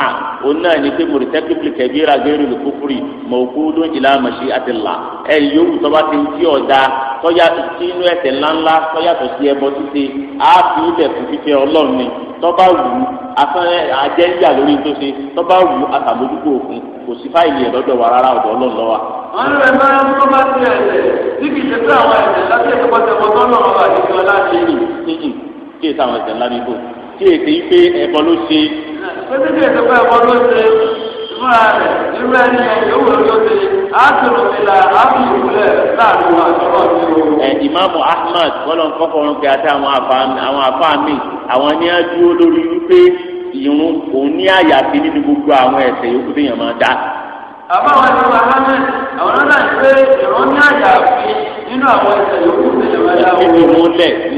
òun náà ní pé mọrìtẹkìpìlì kẹbíra gẹrù lè kókúrì mọ òkú lóyìn láàmùsí àti là ẹ yòówù tó bá ti ń tí ọ̀dà tọ́yà tí inú ńláńlá tọ́yà tó ẹbọ títí á fi ilẹ̀ fún fífẹ́ ọlọ́run ni tọ́ba wù ú afẹ́rẹ́ ajẹ́ lórí tó ṣe tọ́ba wù ú àtàlójúkò òkun kò sí fáìlì ẹ̀ lọ́dọ̀ wa rárá ọ̀dọ̀ ọlọ́run lọ́wọ́ àwọn ẹ̀rọ ẹ̀fọ́ ẹ̀rọ tó bá ti ẹ̀sẹ̀ tí kì í ṣe pé àwọn ẹ̀sẹ̀ láti ẹ̀sẹ̀ pọ̀ tẹ̀wọ́ tó lọ́wọ́ bá ti yọ láti yìí yìí kí èsì àwọn ẹ̀sẹ̀ ńlá níbò kí èsì yìí pé ẹ̀bọ ló ṣe. pé tí kì í ṣe pé ẹ̀bọ ló ṣe fúnra rẹ̀ irú ẹni yòówù ló ṣe àtúrò ìlà àbùkùlẹ̀ láàrin wọn àtọ́kọ̀ ẹ̀ ìmáàmù Ahmad wọ́n kọ́kọ́rọ́ pé àti àwọn àfáàmì àwọn ní á dúró lórí wípé ìrun òun ní àyàfi nínú gbogbo àwọn ẹ̀sẹ̀ yòókù téèyàn máa dá àbá àwọn ẹni wa hamẹ àwọn náà ń pé ìran ní àyà àfi nínú àwọn ẹsẹ yòókù tẹ́lẹ̀ wá yá wọn. nínú múlẹ̀ ní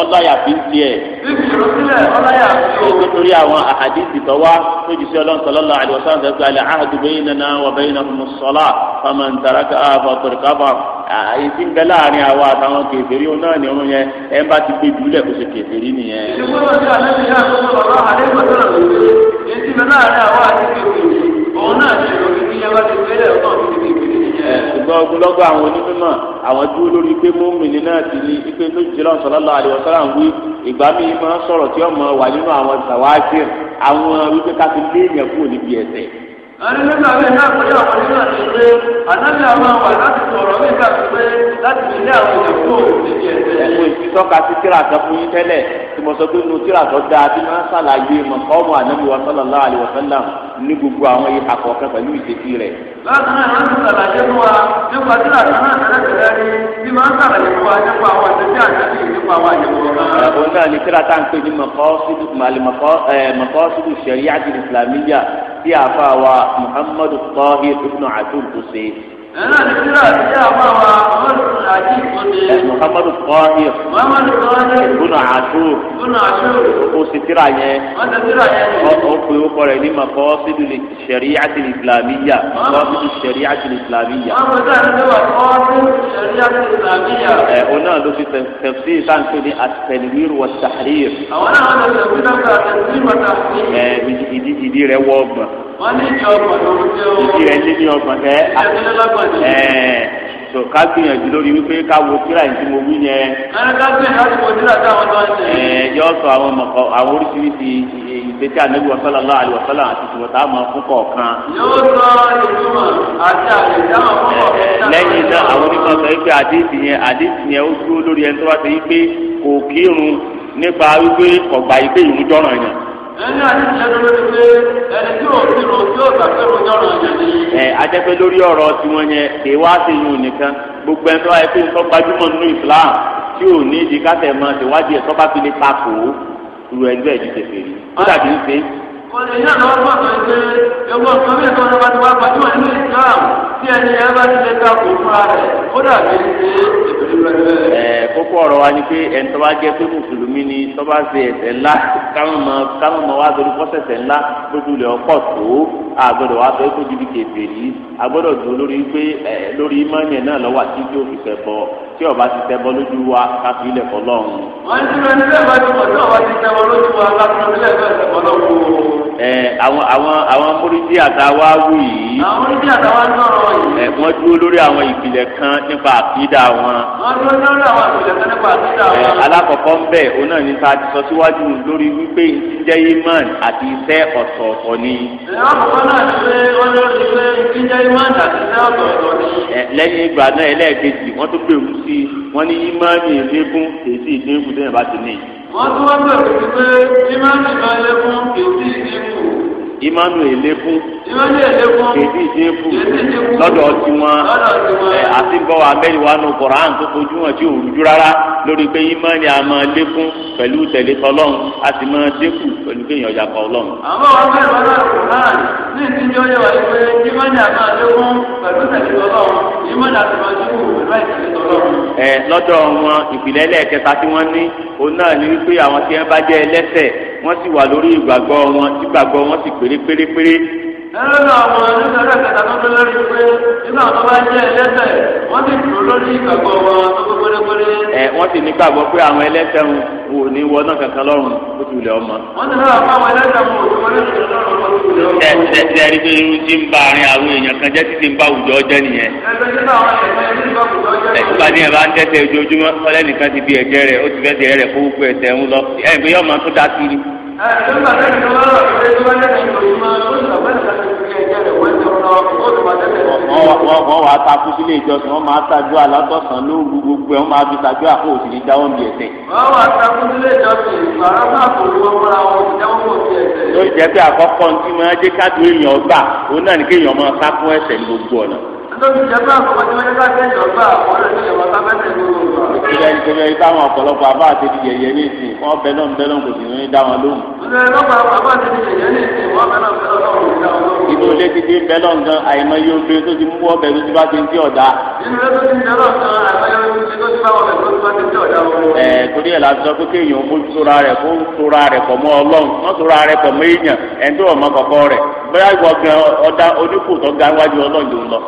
ọláyà fi ń tiẹ̀. bíbí ìrọsílẹ̀ ọláyà fi ó. nítorí àwọn àhàdìsì tó wá tó jù sí ọlọ́run sọlọ́lá àdìwọ̀sán tẹ̀sán àlẹ́ àhàdù bẹ́yìn nana wà bẹ́yìn nà fún sọlá fama ń tara ká àbọ̀ torí kábà àyèsí ń bẹ láàrin àwa àtàwọn kèfèrí náà ni òun yẹn ẹ ń bá ti gbé dùúlẹ̀ kó ṣe kèfèrí nìyẹn. ìṣègùn náà ti àlẹ́ ṣùgbọ́n ogunlọ́gọ̀ àwọn onímọ̀ àwọn dúró lórí pé mọ́mìnì náà ti ní ipe tó jìlọ sallallahu alaihi wasallam wí ìgbà míì máa ń sọ̀rọ̀ tí ọmọ wà nínú àwọn sàwáàjì àwọn wípé ká fi lé èèyàn kúrò níbi ẹ̀ṣẹ̀ ẹni nígbà míì náà kọjá àwọn nínú àti pé ànábì àwọn àwọn láti sọ̀rọ̀ nígbà tí pé láti fi lé àwọn èèyàn kúrò níbi ẹ̀sẹ̀. ẹ̀wọ̀n ìfisọ́ka sí tíratọ́ fún yín tẹ́lẹ̀ tí mo sọ pé inú tíratọ́ dáa bí máa ń ṣàlàyé mọ̀kọ́mù ànábì wa sallallahu alaihi wasallam ní gbogbo àwọn ìhà kọ̀ọ̀kan pẹ̀lú ìṣesí rẹ̀. láti náà láti ṣàlàyé fún wa nípa tíratọ́ náà tẹ́lẹ̀ bí máa ń ṣàlàyé fún wa nípa àwọn àtẹ̀jẹ́ àtẹ̀jẹ́ nípa àwọn àyẹ̀wò náà. òun náà ni tíratọ́ à ń pè ní mọ̀kọ́ sídùú màlì mọ̀kọ́ sídùú ṣẹ̀ríyà àti ìsìlámíyà tí a fa wa muhammadu tahir ibn atul tó ṣe ẹ̀rọ àdìsíra àti àwọn àwọn ọ̀rọ̀ àjí ìfọ̀dé. muhammadu kọ́hìr. muhammadu kọ́hìr. bùnà àṣùr. bùnà àṣùr. o sì tira yẹn. wọ́n ti tira yẹn. o pe o kọrọ ní ma kọ́ sídu sariyatil islamiyya. kọ́ sídu sariyatil islamiyya. wọ́n ti tira yẹn wa kọ́ sídu sariyatil islamiyya. ẹ o náà ló fi tẹ̀sí sáńtó ní atẹ̀lwír wa tahrir. àwọn náà ló fi tẹ̀sí sáńtó àtẹ̀lwír wa tahrir. ẹ ìdí rẹ wọ́ ọgbọ̀n. wọ́n ní ìdí ọgbọ̀n lórí tí ó. ìdí rẹ̀ lé ní ọgbọ̀n tẹ́. ẹ̀ẹ́ so ká gbìyànjú lórí wípé ká wo yìí tí mo wí yẹn. ká gbìyànjú láti wo tó ń tẹ̀. yọ sọ àwọn mọ̀kọ àwọn oríṣiríṣi ìgbésí àti tìwọ̀tà fún kọ̀ọ̀kan. yóò sọ àti fún kọ̀ọ̀kan. lẹ́yìn náà àwọn sọ wípé àdéhùn yẹn àdéhùn yẹn ó dúró lórí ẹni tó wá sọ wípé kò kírun nípa wípé ìgbé ẹni àti ìṣẹ́nu ló ti pé ẹni tí ò ti rò ò gbàgbé rò jọ̀rọ̀ yẹn ni. ẹ ajẹ́pẹ́ lórí ọ̀rọ̀ tiwọn yẹn kì í wá sí yun nìkan gbogbo ẹni tó wáyé pé nǹkan gbajúmọ̀ nínú Islam tí ò ní ìdí kásẹ̀ mọ́ ṣèwádìí ẹ̀ tó bá fi lè takò ó ru ẹgbẹ́ ìdíje fèrè ó dàbí ń ṣe é èyí náà lọ́wọ́ fún àtọ̀ ìpè ewu ọ̀kan bí ẹ̀tọ́ ọ̀nàmọ́tò wá gbajúmọ̀ nínú Islam tí ẹni ẹ bá ti lè ta kò fúnra rẹ̀ ó dàbí ṣe ìpèlè rẹ̀. ẹ kókó ọ̀rọ̀ wa ni pé ẹni tó bá jẹ́ pé mùsùlùmí ni tó bá ṣe ẹ̀ṣẹ̀ ńlá káwọn ọmọ wa torí pọ́sẹ̀sẹ̀ ńlá lójú ilẹ̀ ọ̀pọ̀ tó àgbọ̀dọ̀ wa sọ ikú jìbìtì èfè yìí àgbọ̀dọ̀ dùn lórí pé lórí imáyẹ̀ náà lọ́wọ́ àti tí ó fi fẹ́ bọ́ tí ọba ti tẹ bọ lójú wa káfí ilẹ̀ kọ́ lọ́hùn. wọ́n ti rẹ̀ nílẹ̀ bá dùn tí ọba ti tẹ bọ lójú wa káfí ilẹ̀ kọ́ lọ́hùn. ẹ àwọn àwọn àwọn múrídìí àtàwa wù yìí. àwọn múrídìí àtàwa sọ̀rọ̀ yìí. ẹ wọ́n dúró lórí àwọn ìpìlẹ̀ kan nípa àkídà wọn. wọ́n dúró lórí àwọn ìpìlẹ̀ kan nípa àkídà wọn. ẹ alákọ̀ọ́kọ́ ń bẹ̀ òun náà ní ta ti sọ síwájú lórí wípé ìjíjẹ́ imán àti sí wọ́n ní ìmáàmì lékún kì í sí ìdínkù tẹ́yìn bá ti ní. wọ́n tún wá bẹ̀rẹ̀ wípé ìmáàmì máa lékún kì í sí ìdínkù. ìmáàmì èlékún kì í sí ìdínkù lọ́dọ̀ tiwọn àti bọ́wọ́ abẹ́yẹ̀wá nù kọ̀ọ̀rán tó fojú wọn tí ò rújú rárá lórí pé ìmáàmì a máa lékún pẹ̀lú tẹ̀lé tọlọ́run a sì máa dínkù pẹ̀lú kéèyàn ọjà kan ọlọ́run. àwọn ọ̀rẹ́ bẹ̀rẹ̀ lọ́dọ̀ kọ̀ọ̀rán ní ìdíjọ́ yẹ wáyé pé ìmáàmì a máa lékún pẹ̀lú tẹ̀lé tọlọ́run ìmáàmì a sì máa ẹ lọ́dọ̀ wọn ìpìlẹ̀ ẹlẹ́ẹ̀kẹta tí wọ́n ní òun náà ní wípé àwọn tí wọ́n bá jẹ́ ẹlẹ́ṣẹ̀ wọ́n sì wà lórí ìgbàgbọ́ wọn tí gbàgbọ́ wọn sì péré péré péré. nínú àwọn oníṣẹ́lẹ̀ kẹta tó tẹ́lẹ̀ rí pé nígbà tó bá jẹ́ ẹlẹ́ṣẹ̀ wọ́n sì dúró lórí ìgbàgbọ́ wọn tó gbé péré péré. ẹ wọ́n sì ní gbàgbọ́ pé àwọn ẹlẹ́ṣẹ̀ wò ní wọ kankan lọ́rùn ó ti wulẹ̀ ọmọ. wọ́n ti tẹ̀síẹ̀rí pé irú ti ń ba àárín àwọn èèyàn kan jẹ́ títí ń bá àwùjọ nìyẹn. ń ọlẹ́nìkan ti di ẹ̀jẹ̀ rẹ̀ ó ti fẹ́ di ẹ̀rẹ̀ fún gbogbo ẹ̀tẹ̀ ń lọ máa nígbà wọ́n wàá takú sílé ìjọsìn wọ́n máa tajú alátọ̀sán lóru gbogbo ẹ̀ wọ́n máa fi tajú àpò òsì jáwọ́ bí ẹ̀sẹ̀. wọ́n wàá takú sílé ìjọsìn ìgbà rárá kò lu ọmọ àwọn òsì bí ẹ̀sẹ̀. ló jẹ́ pé àkọ́kọ́ ní tí wọ́n á jẹ́ káàdùn èèyàn gbà òun náà ní kéèyàn máa sá fún ní gbogbo ọ̀nà. lóbi jẹ́ pé àkọ́kọ́ tí wọ́n jẹ́ káàdùn èèyàn gbà ìbẹ̀ ìbẹ̀ ìbá àwọn ọ̀pọ̀lọpọ̀ àbá àti ti yẹ̀yẹ́ ní ìsìn wọ́n bẹ náà bẹ náà kò sì ní dá wọn lóhùn. inú ilé ti di bẹ náà gan àìmọ yóò gbé tó ti mú ọbẹ tó ti bá ti ń tí ọ̀dà. inú ilé tó ti di bẹ náà gan àìmọ yóò gbé tó ti bá ọbẹ tó ti bá ti ń tí ọ̀dà. ẹ torí ẹ la sọ pé kéèyàn mójú tóra rẹ kó tóra rẹ pọ̀ mọ́ Ọlọ́run má tóra rẹ pọ̀ mọ́ èèyàn ẹ̀ ń tó ọmọ kọ̀ọ̀kọ́ rẹ̀ bẹ́ẹ̀ wọ gan ọ̀dà oníkùtọ̀ gan wájú Ọlọ́run ló ń lọ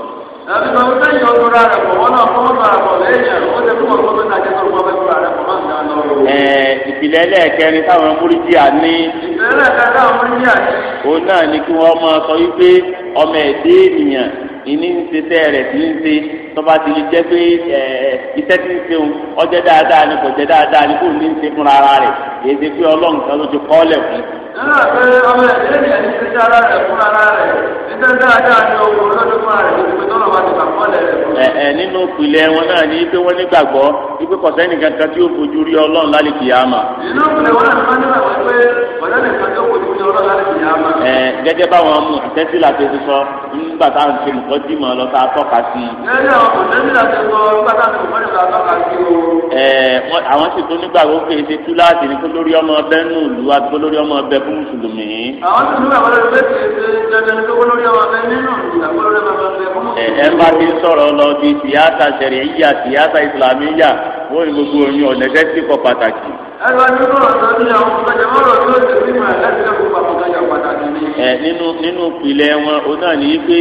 ẹbí máa ń tẹ́yìn ọdún rà rẹ̀ pọ̀ wọ́n náà fọ́ wọn rà pọ̀ lẹ́yìn ó ti fún ọdún mẹ́ta jẹ́ tó wọ́n fẹ́ fún rẹ̀ pọ̀ máa ń dáná lọ. ìpìlẹ̀ ẹlẹ́ẹ̀kẹrin táwọn múrídìá ní. ìpìlẹ̀ ẹlẹ́ẹ̀kẹrin táwọn múrídìá ní. òun náà ni kí wọ́n máa sọ wípé ọmọ ẹ̀dẹ́ ènìyàn ìní ń ṣe tẹ́ rẹ̀ tí ń ṣe tọ́ba ti lè jẹ́ pé iṣẹ́ tí ń ṣe òun ọjọ́ dáadáa ni kò jẹ́ dáadáa ni kò ní ń ṣe fúnra ara rẹ̀ èyí ṣe pé ọlọ́run kan ló ti kọ́ ọ́ nígbà ọmọ ẹ̀jẹ̀ ní ẹni ṣe rẹ̀ ara rẹ̀ dáadáa ni owó lọ́dún rẹ̀ ló ti pé tọ́lọ̀ wá ti bà kọ́ ẹ nínú wọn náà ni pé wípé tí ó ni pé nìkan tó tọ́jú mọ́ lọ́ta tọ́ka sí. lẹ́yìn àwọn kò tẹ́lẹ̀ láti sọ nígbà táwọn kò mọ́lẹ̀ láti tọ́ka sí o. ẹ àwọn sì tó nígbàgbọ́ pé ṣe tú láti ní kó lórí ọmọ ọbẹ̀ nù lù àti kó lórí ọmọ ọbẹ̀ fún mùsùlùmí. àwọn sì nígbàgbọ́ pé ṣe ṣe ṣe kó lórí ọmọ ọbẹ̀ nínú ìgbàgbọ́ lórí ọmọ ọbẹ̀ fún mùsùlùmí. ẹ bá ti sọ̀rọ̀ lọ bí tìyáta ṣẹ̀ríyà tìyáta ìsìlámíyà wọ́n ní gbogbo oyún ọ̀nẹ́gẹ́ sí kọ pàtàkì. ẹ lọ ní kọ́ ọ̀sán ní àwọn ìgbàjọmọ́rọ̀ tó ṣe sí màá láti lẹ́kọ̀ọ́ pàtàkì ní. ẹ nínú nínú ìpìlẹ̀ wọn ó náà ní í pé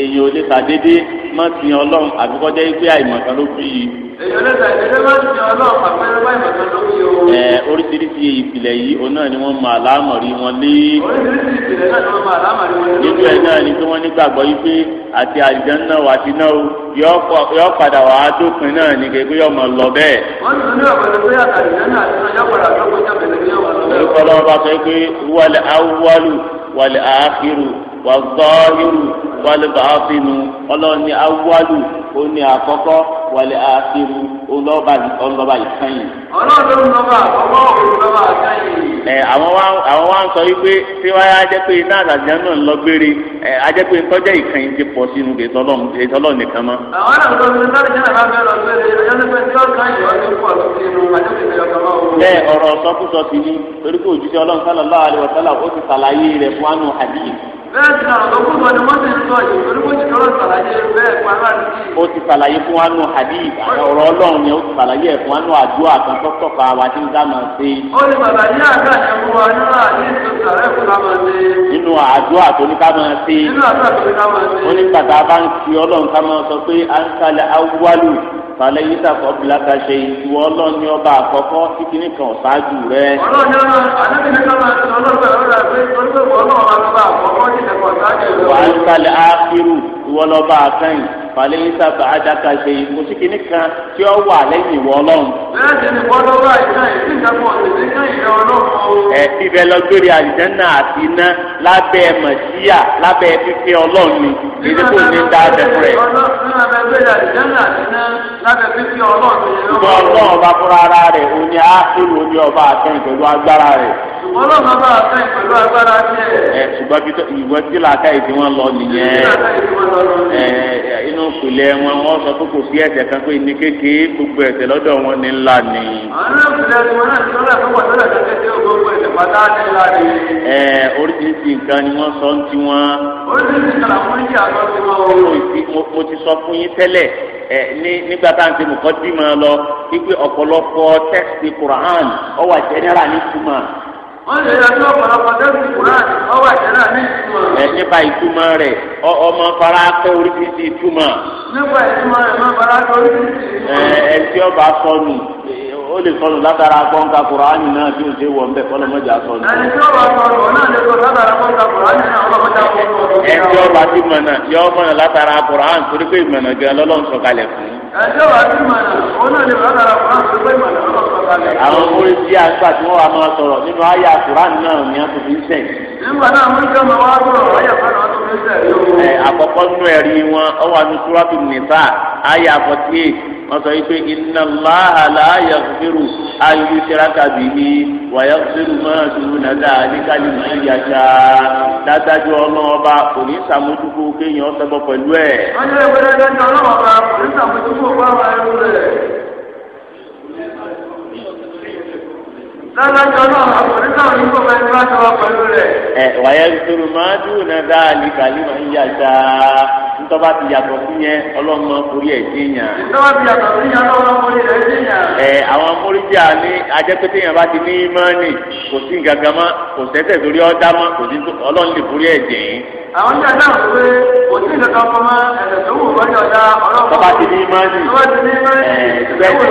èyí ò lè sàdédé má ti yan ọlọ́run àbí kọjá pé àìmọ̀kan ló bí i. èyí ò lè sàdédé má ti yan ọlọ́run àbí kọjá àìmọ̀kan ló bí i. ẹ oríṣiríṣi ìpìlẹ̀ yìí òun náà ni wọ́n mọ àlámọ̀rí wọn lé. oríṣiríṣi ìpìlẹ̀ náà ni wọ́n mọ àlámọ̀rí wọn lé. nínú ẹ̀ náà ni pé wọ́n nígbàgbọ́ yìí pé àti àdìjọ́ náà wà sí náà yọ padà wà á dópin náà ní kékeré yọ mọ̀ lọ bẹ́ẹ̀. wọ́n ti ní ọ̀pẹ̀lẹ̀ pé àtàlẹ́ náà àti ọjọ́ wàlẹ̀ bàáfínú ọlọ́ọ̀ni awúwálù òní àkọ́kọ́ wàlẹ̀ àfínú ọlọ́ọ̀bà ọlọ́ọ̀bà ìkànnì. ọlọ́ọ̀dún lọ́ba ọmọ òun lọ́ba ìkànnì. ẹ àwọn wa àwọn wa ń sọ wípé tí wọ́n á jẹ́ pé iná àtàjà náà ń lọ gbére ẹ á jẹ́ pé tọ́jà ìkànnì ti pọ̀ sínú ètò ọlọ́ọ̀ nìkan mọ́. àwọn àgbẹ̀ ọ̀sẹ̀ sáré jẹ́ àbáfẹ́ lọ gbére bẹ́ẹ̀ ọ̀rọ̀ sọ́kúsọ sí ni torí pé òjijì ọlọ́run sálọ́lá àlè wọ̀sálà ó ti sàlàyé rẹ̀ fún àánú àdìyẹ bẹ́ẹ̀ sì náà lọ́kùn sọ ni wọ́n sì ń sọ yìí torí wọ́n ti lọ́rọ̀ sàlàyé bẹ́ẹ̀ fún aláàdì. ó ti sàlàyé fún wa nù hadith àwọn ọ̀rọ̀ ọlọ́run ni ó ti sàlàyé ẹ̀ fún wa nù àdúrà kan tó tọ̀ka wa tí ń dá máa ó lè bàbá yí àgbà yẹn wa nínú àdúrà tó fún ká máa ṣe. nínú àdúrà tó ní ká máa ṣe. nínú àdúrà tó ní ká máa ṣe. ó ní pàtàkì falẹ̀ yìí tàkọ́ bìlá ka ṣe ìwọ ọlọ́run ní ọba àkọ́kọ́ kíkíní kan ṣáájú rẹ. ọlọ́run ní ọlọ́run àdébí ní ká máa ṣe ọlọ́run pẹ̀lú ọ̀rọ̀ pé ìwọ ọlọ́run máa ń bá àkọ́kọ́ ìṣẹ̀kọ̀ ṣáájú rẹ. wàá ń kalẹ̀ ákírù ìwọ lọ́ba àkẹ́yìn falẹ̀ isa tó adaka ṣe kò sí kìíní kan tí ó wà lẹ́yìn ìwọ ọlọ́run. láti ní wọ́n lọ́wọ́ àìsàn ìsìn ìdàpọ̀ ìsìn kan ìyá ọlọ́run. ẹ ti bẹ lọ sórí àlìjẹ́nà àti iná lábẹ́ mọ̀síyà lábẹ́ fífẹ́ ọlọ́run ni èyí ní dá abẹ fún rẹ̀. ọlọ́run ọba fúnra ara rẹ̀ òun ni á ní ọba àtẹ̀yìn pẹ̀lú agbára rẹ̀ ọlọ́run bá fẹ́ pẹ̀lú agbára tiẹ̀ nínú ìpìlẹ̀ wọn wọ́n sọ pé kò sí ẹ̀ṣẹ̀ kan pé ní kékeré gbogbo ẹ̀ṣẹ̀ lọ́dọ̀ wọn ní ńlá ni. ẹ oríṣiríṣi nǹkan ni wọ́n ti wọ́n o. mo ti sọ fún yín tẹ́lẹ̀ ẹ ní nígbà tá à ń ṣe mọ̀kọ́ dì máa lọ wípé ọ̀pọ̀lọpọ̀ tẹ́sítì Kùránì ó wà jẹ́nẹ́rà nítumọ̀. wọ́n lè ìtumọ̀. rẹ̀ ọmọ fara pẹ́ oríṣiríṣi ìtumọ̀. nípa ìtumọ̀ rẹ̀ ọmọ fara pẹ́ oríṣiríṣi ìtumọ̀. ẹ ẹ ọba sọnù ó lè sọnù látara gbọ̀ǹkà kùránì náà tí ó ṣe wọ̀ ńbẹ kọ́ lọ́mọdé àsọnù. ẹni ọba sọnù lè sọ látara ọba ti mọ̀nà yọ sọ̀kalẹ̀. àwọn orí tí a gbà tí wọ́n wà máa sọ̀rọ̀ nínú àyà Quran náà ni a tó fi ń sẹ̀. nígbà náà wọ́n jẹ́ ọmọ wa sọ̀rọ̀ àyà kan náà tó fi ń sẹ̀ yóò. ẹ àkọ́kọ́ nínú ẹ̀rí wọn ọ wà ní túrọ́tù nìta àyà àfọ̀tí wọ́n sọ wípé inna Allaha la yaghfiru an yushraka bihi wa yaghfiru ma duna dhalika liman yasha dájú ọlọ́ọ̀ba kò ní sàmójúkú kéèyàn sẹ́gbọ́ pẹ̀lú ẹ̀. wọ́n ní ẹgbẹ́ dájú ọlọ́ọ̀ba kò ní sàmójúkú bá wa ẹrú rẹ̀. lọ́lọ́jọ́ náà àkòrí náà ní kò máa ń bá tọwọ́ pẹ̀lú rẹ̀. ẹ wàyẹ nítorí máa dùn náà dáàlì kàlí máa ń yà já ntọ́ba ti yàtọ̀ sí yẹn ọlọ́mọ orí ẹ̀ dé yàn. ntọ́ba ti yàtọ̀ sí yẹn ọlọ́mọ orí ẹ̀ dé yàn. ẹ àwọn amóríjà ní ajẹ́pẹ́tẹ́ yẹn bá ti ní ìmánì kò sí gàgà mọ́ kò sẹ́sẹ̀ sórí ọ̀dá mọ́ kò sí ọlọ́run lè borí ẹ̀ dẹ̀ àwọn tí a dáhùn kò sí ìdọ̀kan fọmọ ẹ̀sẹ̀ tó wù wọ́n ti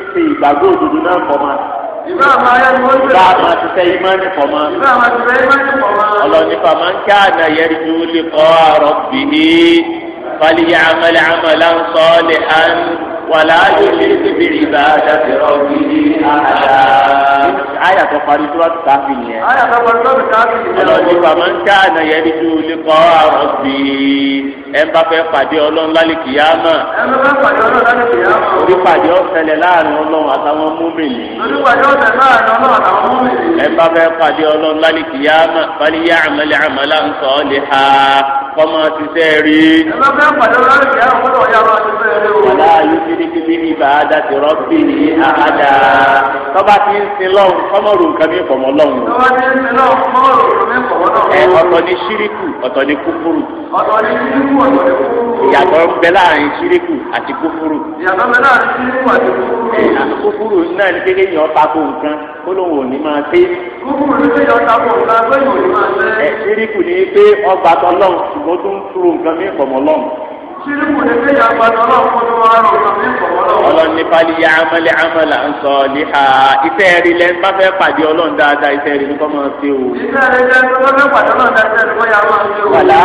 ṣe ìgbàgbọ́ òdodo náà kọ́ máa. Ìbá àmà ayé ni wọ́n ṣe. Ìbá àmà ti fẹ́ ìmánì kọ́ máa. Ìbá àmà ti fẹ́ ìmánì kọ́ máa. Ọlọ́ni fàmà ń kí àná yẹri tó lè kọ́ àrọ̀ bìí. Fàlìyà àmàlẹ̀ àmàlẹ̀ ń sọ ọ́ lè hàn. Wàlá yóò ṣe é parí tó bá ti káfí nìyẹn. ayé àtàwọn tó ti káfí nìyẹn. ọlọ́ọ̀ni bàmá ń ká àná yẹn ní dúró lè kọ́ àrùn sí i. ẹ bá fẹ́ pàdé ọlọ́run lálẹ́ kìyàmà. ẹ bá fẹ́ pàdé ọlọ́run lálẹ́ kìyàmà. orí pàdé ọ̀sẹ̀lẹ̀ láàrin ọlọ́run àtàwọn múmìnì. orí pàdé ọ̀sẹ̀lẹ̀ láàrin ọlọ́run àtàwọn múmìnì. ẹ bá fẹ́ pàdé ọlọ́run lálẹ́ kọ́mọ ti sẹ́ rí. ẹ̀rọ fẹ́ pàdé lórí ìyá òun náà yára ti sẹ́ rí o. ọ̀la ayé ti ní kíbi ní ibà á dàtí rọ́bì ní àhádà. tọ́ba ti ń sin lọ́hùn kọ́mọ̀rù nǹkan mi kọ̀mọ́ lọ́hùn. tọ́ba ti ń sin lọ́hùn kọ́mọ̀rù nǹkan mi kọ̀mọ́ lọ́hùn. ẹ ọ̀tọ̀ ni ṣíríkù ọ̀tọ̀ ni kúfúrú. ọ̀tọ̀ ni ṣíríkù ọ̀tọ̀ ni kúfúrú. ìyàtọ̀ ń bẹ láàrin ṣíríkù àti kúfúrú. ìyàtọ̀ ń bẹ láàrin ṣíríkù àti kúfúrú. ẹ náà ni kékeré yẹn ọ̀ta kó nǹkan kó lóun ò ní máa pé. kúfúrú ni kékeré ọ̀ta kó nǹkan kó lóun ò ní máa pé. ṣíríkù ni pé ọgbà tọ́lọ́run ó tún túrò nǹkan mí pọ̀mọ́ lọ́mù. sírìkù ni pé yàgbà lọ́wọ́ fún wa rọ̀ nǹkan mí pọ̀mọ́ lọ́wọ́. ọlọ́run ní pali ya amẹ́lẹ̀ amẹ́lẹ̀ ń sọ níha iṣẹ́ rí lẹ́ bá fẹ́ pàdé ọlọ́run dáadáa iṣẹ́ rí ni kọ́ máa ṣe o. iṣẹ́ rí lẹ́ bá fẹ́ pàdé ọlọ́run dáadáa ni kọ́ máa ṣe o. wàlá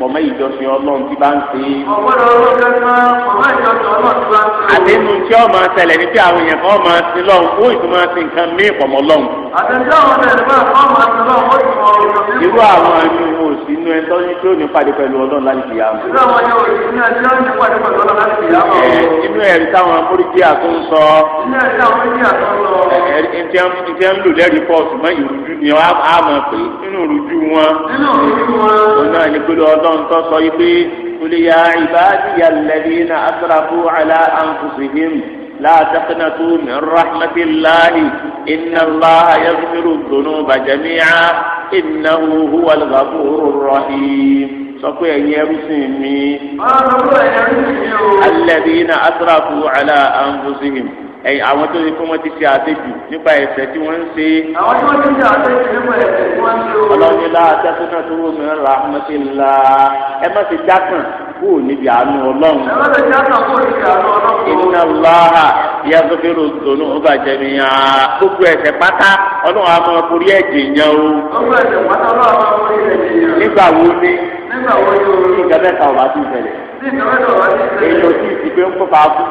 pọ̀mọ́ ìjọsìn ọlọ́run tí bá ń ṣe é. ọ̀gbọ́dọ̀ ọlọ́run kankan pọ̀mọ́ ìjọsìn ọlọ́run tí bá ń ṣe é. àdéhùn tí ó máa ṣẹlẹ̀ ní pé àwọn èèyàn kan máa ṣe lọ́hùn ó ìtú máa ṣe nǹkan mí pọ̀mọ́ lọ́hùn. àtẹ̀jọ́ àwọn ọ̀dẹ̀ sí inú ẹ tọ́jú tí ó ní pàdé pẹ̀lú ọlọ́run láti fi yàrá. ìlú àwọn yóò inú ẹ tí ó ní pàdé pẹ̀lú ọlọ́run láti fi yàrá. ẹ inú ẹ̀rí táwọn amóríkì àtún sọ. inú ẹ̀rí táwọn amóríkì àtún sọ. ẹ ẹ ntẹ́ ń lò lẹ́rìí pọ́ọ̀sì mọ́ ìrújú ni wọ́n á mọ̀ pé nínú ìrújú wọn. nínú ìrújú wọn. òun náà ní pẹ̀lú ọlọ́run tó sọ لا تقنطوا من رحمة الله إن الله يغفر الذنوب جميعا إنه هو الغفور الرحيم sọkò ẹ̀yin ẹrú sí mi. alẹ́ bí iná asrafu ala anfusihim ẹ̀yìn àwọn tó ṣe pé wọ́n ti ṣe àṣejù nípa ẹ̀ṣẹ̀ tí wọ́n ń ṣe. àwọn tí wọ́n ti ṣe àṣejù nípa ẹ̀ṣẹ̀ tí wọ́n ń ṣe. ọlọ́ni láàṣẹ tó náà tó wọ́n mi rà mọ́tì la ẹ má ti jákàn kúrò níbi àánú ọlọ́run. ẹ má ti jákàn kúrò níbi àánú ọlọ́run. iná láha ìyá sọfẹ́rù tòun ó bá jẹ mi hàn. gbogbo ẹ̀ṣẹ̀ pátá ọlọ́run á máa ẹ̀jẹ̀ yẹn o. gbogbo ẹ̀ṣẹ̀ pátá ọlọ́run á máa ẹ̀jẹ̀ yẹn. nígbà wo ni nígbà wo ni èyí ò tí ì ti pé ń kópa kú.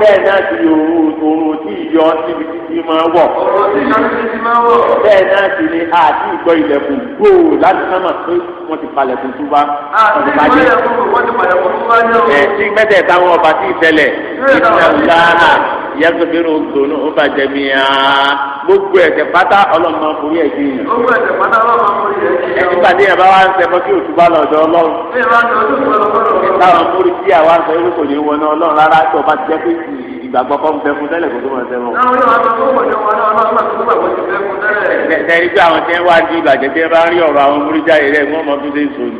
bẹ́ẹ̀ náà ti òru òru tí ìyọ síbi títí máa wọ̀. bẹ́ẹ̀ náà ti ní àti ìgbọ́ ilẹ̀kùn gbòò láti sámà pé wọ́n ti palẹ̀kùn tó bá. àti ìgbọ́ ilẹ̀kùn tó bá yẹ. ẹ̀ tí mẹ́tẹ̀ẹ̀ta wọn ọba tí ì tẹ́lẹ̀ ìtàlá yẹtùbírù dùnú bàjẹ́mi á gbogbo ẹ̀ṣẹ̀ pátá ọlọ́mọ orí ẹ̀ jìn. gbogbo ẹ̀ṣẹ̀ pátá ọlọ́mọ orí ẹ̀ jìn. ẹni pàdé yẹn bá wá ń sẹ́kọ̀ọ́ kí òtún bá lọ́dọ̀ ọlọ́run. bí ẹ bá ń lọ táwọn múri tí àwa sọ yìí kò ní wọn náà ọlọ́run rárá tó bá ti jẹ́ pé ìgbàgbọ́ kọ́ ń bẹ fún tẹ́lẹ̀ kó tó máa sẹ́wọ̀n. táwọn yóò wá sọ pé ó wọ̀ ní wọn náà ọlọ́run máa tó bá wọ́n ti bẹ́ fún tẹ́lẹ̀. tẹ̀rí pé àwọn tẹ́ ń wá di ìbàjẹ́ tẹ́ bá ń rí ọ̀rọ̀ àwọn múri jáde rẹ̀ wọ́n mọ tó dé ìsò ni.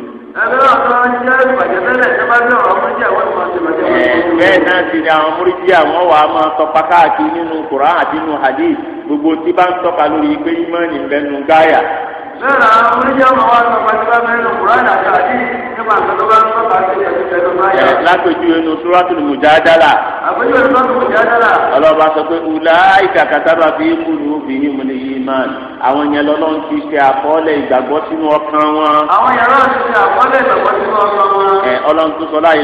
bẹ́ẹ̀ náà sì ni àwọn múri tí àwọn wà á máa tọpa káàkiri nínú Kùránì àti nínú hadith gbogbo tí bá ń tọ́ka lórí pé ìmọ̀ lẹ́la àwọn oníjẹ́ ọmọ wa sọ pàṣípà mẹ́rin kúránì àti àdí nípa àtọ́lọ́gbà tó bá ti lè ṣe ẹ̀dọ́ lápẹjù ẹnu àpẹjù ẹnu ọlọ́ba sọ pé fi àwọn yẹn ń ṣe àkọọ́lẹ̀ ìgbàgbọ́ sínú ọkàn wọn. àwọn ti ṣe àkọọ́lẹ̀ ìgbàgbọ́ sínú ọkàn wọn. ẹ tó sọ láàyè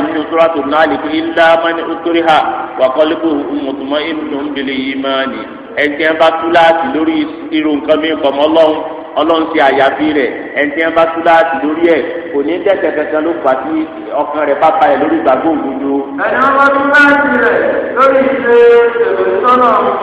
nínú ọlọ́run ti àyàfi rẹ̀ ẹni tí wọ́n bá tú láti lórí ẹ̀ kò ní dẹ́ṣẹ̀ kankan ló fà sí ọkàn rẹ̀ bàbá rẹ̀ lórí ìgbàgbọ́ òdodo. ẹni wọn bá tú láti rẹ̀ lórí ìṣe ìṣèlú sọ́nà ọ̀hún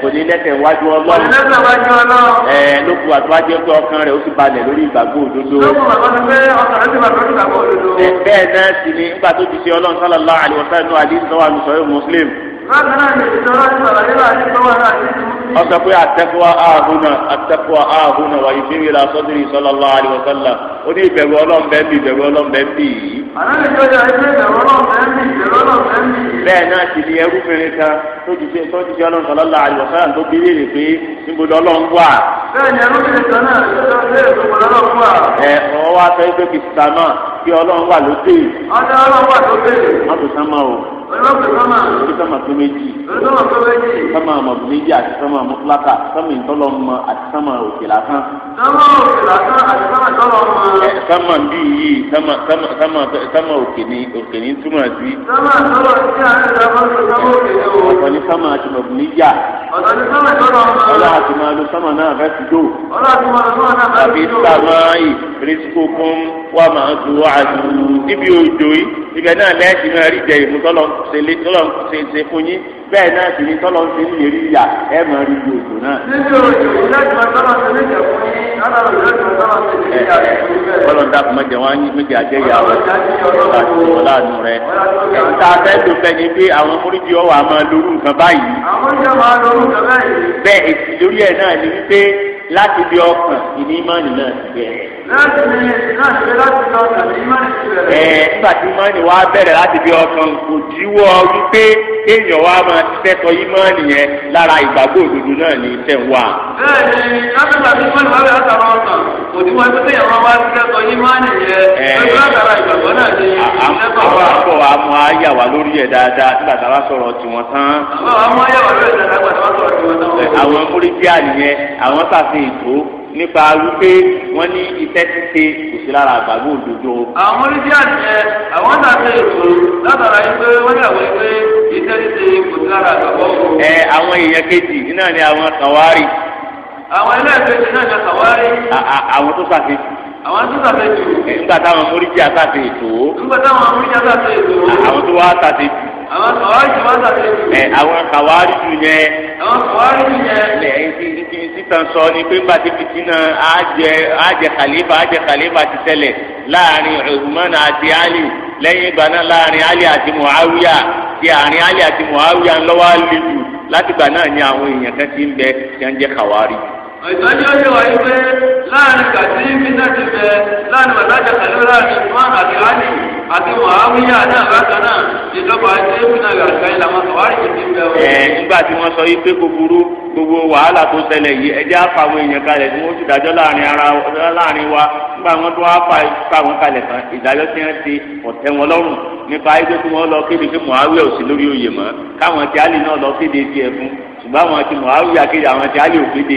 kò ní lẹ́ṣẹ̀ wájú ọlọ́run. kò ní lẹ́ṣẹ̀ wájú ọlọ́run. ló bu àtúwájú pé ọkàn rẹ̀ ó ti balẹ̀ lórí ìgbàgbọ́ òdodo. ló bu àtúwájú pé ọkàn rẹ̀ ó ti balẹ̀ lórí ìgbàgbọ́ òdodo. bẹ́ẹ̀ náà sì ni nígbà tó ti ṣe ọlọ́run sallallahu alaihi wasallam àdìsí náà wà lùsọ̀rọ̀ mùsùlùmí ọsọ pé àtẹkùwà ààhùnà àtẹkùwà ààhùnà wà ìṣirí la sọdúnrún sallallahu alaihi wasallam ó ní ìbẹ̀rù ọlọ́m̀bẹ́ bí ìbẹ̀rù ọlọ́m̀bẹ́ bí. àná lè jọjà ẹgbẹ́ ìbẹ̀rù ọlọ́m̀bẹ́ bí ìbẹ̀rù ọlọ́m̀bẹ́ náà sì ni ẹrú mìíràn kan tó ti fi tó ti fi ọlọ́run sọ̀rọ̀ la àyọ̀ sáyà tó bí léèrè pé níbo lọ́lọ́run wà. bẹ́ẹ̀ni ẹrú mi nìkan náà yóò lé ètò ọlọ́run wà. ẹ ọ wá sọ pé kì í sàmà kí ọlọ́run wà lókè. ọjọ́ ọlọ́run wà lókè. má tó sánmà o. olóògbé sánmà. olóògbé sánmà tó méjì. olóògbé sánmà tó méjì. sánmà mọ̀bù méjì àti sánmà mọ́tòlákà sánmà ìtọ́lọ́mọ àti sánmà òkè lásán. sánmà òkè lásán àti sánmà ìtọ́lọ́mọ. ẹ sánmà bíi yìí sánmà sánmà sánmà òkè ni òkè ni túmọ̀ sí. sánmà ìtọ́lọ́ mọ̀kánmà àti mọ̀bùnìjà ọ̀dọ̀ ni sọ́mà tó lọ. ọlọ́ àti máa lo sọ́mà náà fẹ́ ti dò. ọlọ́ àti máa lo sọ́mà náà fẹ́ ti dò. àbí sàmá ìrísíkò kún wà máa du àdù níbi òjò yìí ibẹ̀ náà lẹ́ẹ̀sì náà rí jẹ ìmú tọ́lọ̀ ṣe ṣe fún yín bẹ́ẹ̀ náà sì ni tọ́lọ̀ ṣe ń lérí ìyà ẹ̀ máa rí ju òjò náà. níbi òjò ìlẹ́jì máa tọ́lọ̀ ṣe lè jẹ fún yín lọ́dọ̀ ìlẹ́jì máa tọ́lọ̀ ṣe bẹ́ẹ̀. bọ́lọ̀ ń dàpọ̀ mọ́jẹ wọn ní méjì àjẹyà ọ̀làdùn rẹ̀ ẹ̀ta fẹ́ẹ́ tó fẹ́ ni pé àwọn mórídìí ọ̀wà máa lórú báyìí. àwọn bẹ́ẹ̀ èsì lórí ẹ̀ náà ni wípé láti bí ọkàn ìní ìmọ̀ọ́nì náà ti bẹ̀rẹ̀ ẹ nígbà tí ìmọ̀ọ́nì wa bẹ̀rẹ̀ láti bí ọkàn kò jíwọ́ wípé kéèyàn wa máa fẹ́ sọ ìmọ̀ọ́nì yẹn lára ìgbàgbọ́ òdodo náà ní tẹ̀ ń wà. bẹ́ẹ̀ni káfíńtà tí wọn bá bẹ látara ọkàn kò ní wọn tẹ́lẹ̀ wọn bá fẹ́ sọ ìmọ̀ọ́nì yẹn pẹ̀lú látara ìgbàgbọ́ náà ní ìlẹ́kọ̀ọ́. àwọn àbọ̀ àmọ́ ayàwá lórí ẹ̀ dáadáa nígbà tá a bá sọ̀rọ̀ tiwọn tán. àwọn àmọ́ ayàwá lórí ẹ̀ dáadáa nígbà tá a bá sọ̀rọ̀ tiwọn tán. àwọn nípa wípé wọ́n ní iṣẹ́ ṣíṣe kò sí lára àgbàgbọ́ òdodo. àwọn oníṣẹ́ àṣẹ àwọn tàbí èso látara yìí pé wọ́n yàgò yìí pé iṣẹ́ ṣíṣe kò sí lára àgbàgbọ́ òdodo. ẹ àwọn èèyàn kejì iná ni àwọn kàwárì. àwọn ẹlẹ́ẹ̀kejì náà ni kàwárì. àwọn tó ṣàfihàn. àwọn tó ṣàfihàn. nígbà táwọn móríjì àtàfihàn ètò. nígbà táwọn móríjì àtàfihàn ètò. àwọn tó wá àtàfihàn àwọn kàwárí ju wọn tàbí. ẹ àwọn kàwárí ju yẹn. àwọn kàwárí ju yẹn. ẹ ẹ ti ti sítan sọ ni pé nígbà tí fìtínà àjẹ àjẹ kàlífà àjẹ kàlífà ti tẹlẹ láàrin Usman àti Ali lẹ́yìn ìgbà náà láàrin Ali àti Muawiya ti àárín Ali àti Muawiya ńlọ́wọ́ àlejò látìgbà náà ni àwọn èèyàn kan ti ń bẹ tí wọ́n jẹ́ kàwárí ju ìtọ́jú ọjọ́ wáyé pé láàrin kàtí bíńdà ti bẹ láàrin wàlájà pẹ̀lú láàrin fún àdìhánì àti wàhámíyà náà bákan náà ìjọba ẹgbẹ́ ìpínlẹ̀ àgbáyé làwọn sọ̀wárì yìí ti bẹ. ẹ nígbà tí wọ́n sọ yìí pé gbogbo gbogbo wàhálà tó ṣẹlẹ̀ yìí ẹjẹ àpà àwọn èèyàn kalẹ̀ tí wọ́n ti dájọ́ láàrin ara láàrin wa nígbà wọ́n tó àpà káwọn kalẹ̀ kan ìdájọ́ tí wọ́n ti ọ̀tẹ̀ wọn lọ́rùn nípa ayé tí wọ́n lọ kéde pé Muawiya ò sí lórí oyè mọ́ káwọn ti Ali náà lọ kéde tiẹ̀ fún ṣùgbọ́n àwọn ti Muawiya kéde àwọn ti Ali ò kéde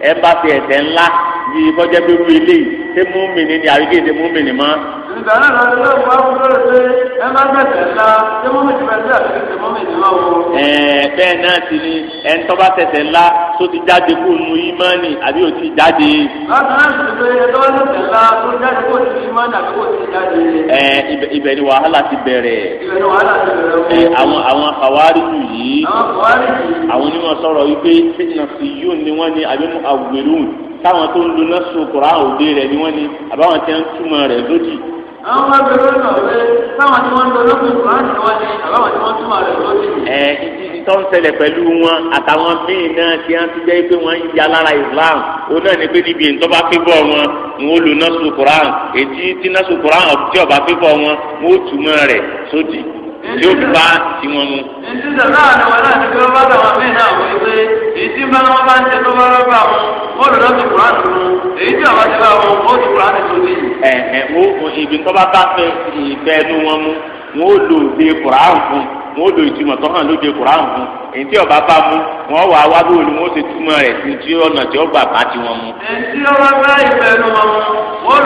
ẹ bá fi ẹ̀ṣẹ̀ ńlá bí kọjá pé wú ilé yìí ṣé mú mi ní ni àríkè ṣe mú mi ní mọ́. ìgbà náà lọ sí ọ̀pọ̀ akúndọ́rọ̀ pé ẹ má gbẹ̀sẹ̀ ńlá ṣé mú mi ti bẹ̀rẹ̀ sí àríkè ṣe mú mi ní mọ́ o. ẹ bẹ́ẹ̀ náà sì ni ẹ ń tọ́ba tẹ̀sẹ̀ ńlá tó ti jáde kó nu ìmánì àbí ò ti jáde. bákan náà sì pé ẹ tọ́ba tẹ̀sẹ̀ ńlá tó jáde kó nu ìmánì àbí ò ti jáde. ẹ ibẹ̀ ni wàhálà ti bẹ̀rẹ̀. ibẹ̀ ni wàhálà ti bẹ̀rẹ̀ o. àwọn àwọn àwárí yìí. àwọn àwárí yìí. àwọn onímọ̀ sọ̀rọ̀ wípé fitness yóò ní wọ́n ní àbí mú awùwẹ̀rún táwọn tó ń lo nọ́ọ̀sù kura òde rẹ̀ ni wọ́n ni àbáwọn tí wọ́n ń túmọ̀ rẹ̀ lódì. àwọn ọmọ ìbẹ̀rù náà wé táwọn tí wọ́n ń lo nọ́ọ̀sù kura ni wọ́n ni àbáwọn tí wọ́n túmọ̀ rẹ̀ lódì. ẹ tó ń ṣẹlẹ̀ pẹ̀lú wọn àtàwọn míì náà tí wọ́n ti jẹ́ pé wọ́n ń ya lára Islam òun náà ni pé níbi ìtọ́ba fífọ́ wọn wọn ò lo nọ́ọ̀sù kura èyí tí nọ́ọ̀sù kura ọ̀jọ̀ba fífọ́ wọn wọn ò túmọ̀ rẹ̀ sódì. tí ó bá tiwọn mu. ètí sọ̀rọ̀ àná wọn náà ti gbé bá tàwọn èyí tí bá wọn bá ń tẹnu bá rọ́ bá wọn wọn lọ sí kuran tó mu àwọn ti bá wọn wọn kuran èyí tí ọba bá wọn wà wá bó ni wọn ti túmọ̀ sí tí ọ̀nà tí bá mu.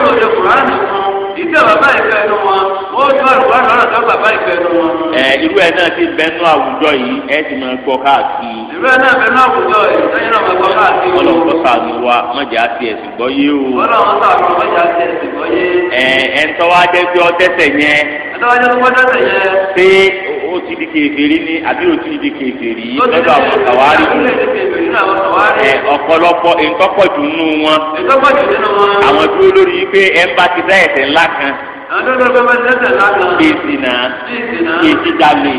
èyí ìgbà bàbá ìfẹ́ nu wọn ó tó àrùbá lọ́rọ̀ tó bàbá ìfẹ́ nu wọn. ẹ irú ẹ náà ti bẹnu àwùjọ yìí ẹ ti máa gbọ́ káàkiri. irú ẹ náà bẹnu àwùjọ yìí ẹ náà máa gbọ́ káàkiri. ọlọ́wọ́ sàánú wa mọ̀jà ti ẹ̀sìn gbọ́ yé o. ọlọ́wọ́ sàánú mọ̀jà ti ẹ̀sìn gbọ́ yé. ẹ ẹ ń tọ́wọ́ adé bí ọ ó ti di kèfèrí ni àbí ó ti di kèfèrí lọ́dọ̀ àwọn kàwárí kù ẹ ọ̀pọ̀lọpọ̀ ìtọ́pọ̀ jù nù wọn àwọn dúró lórí yìí pé ẹ ń bá ti dá ẹ̀ṣẹ̀ ńlá kan ìsìnà ìjíjalè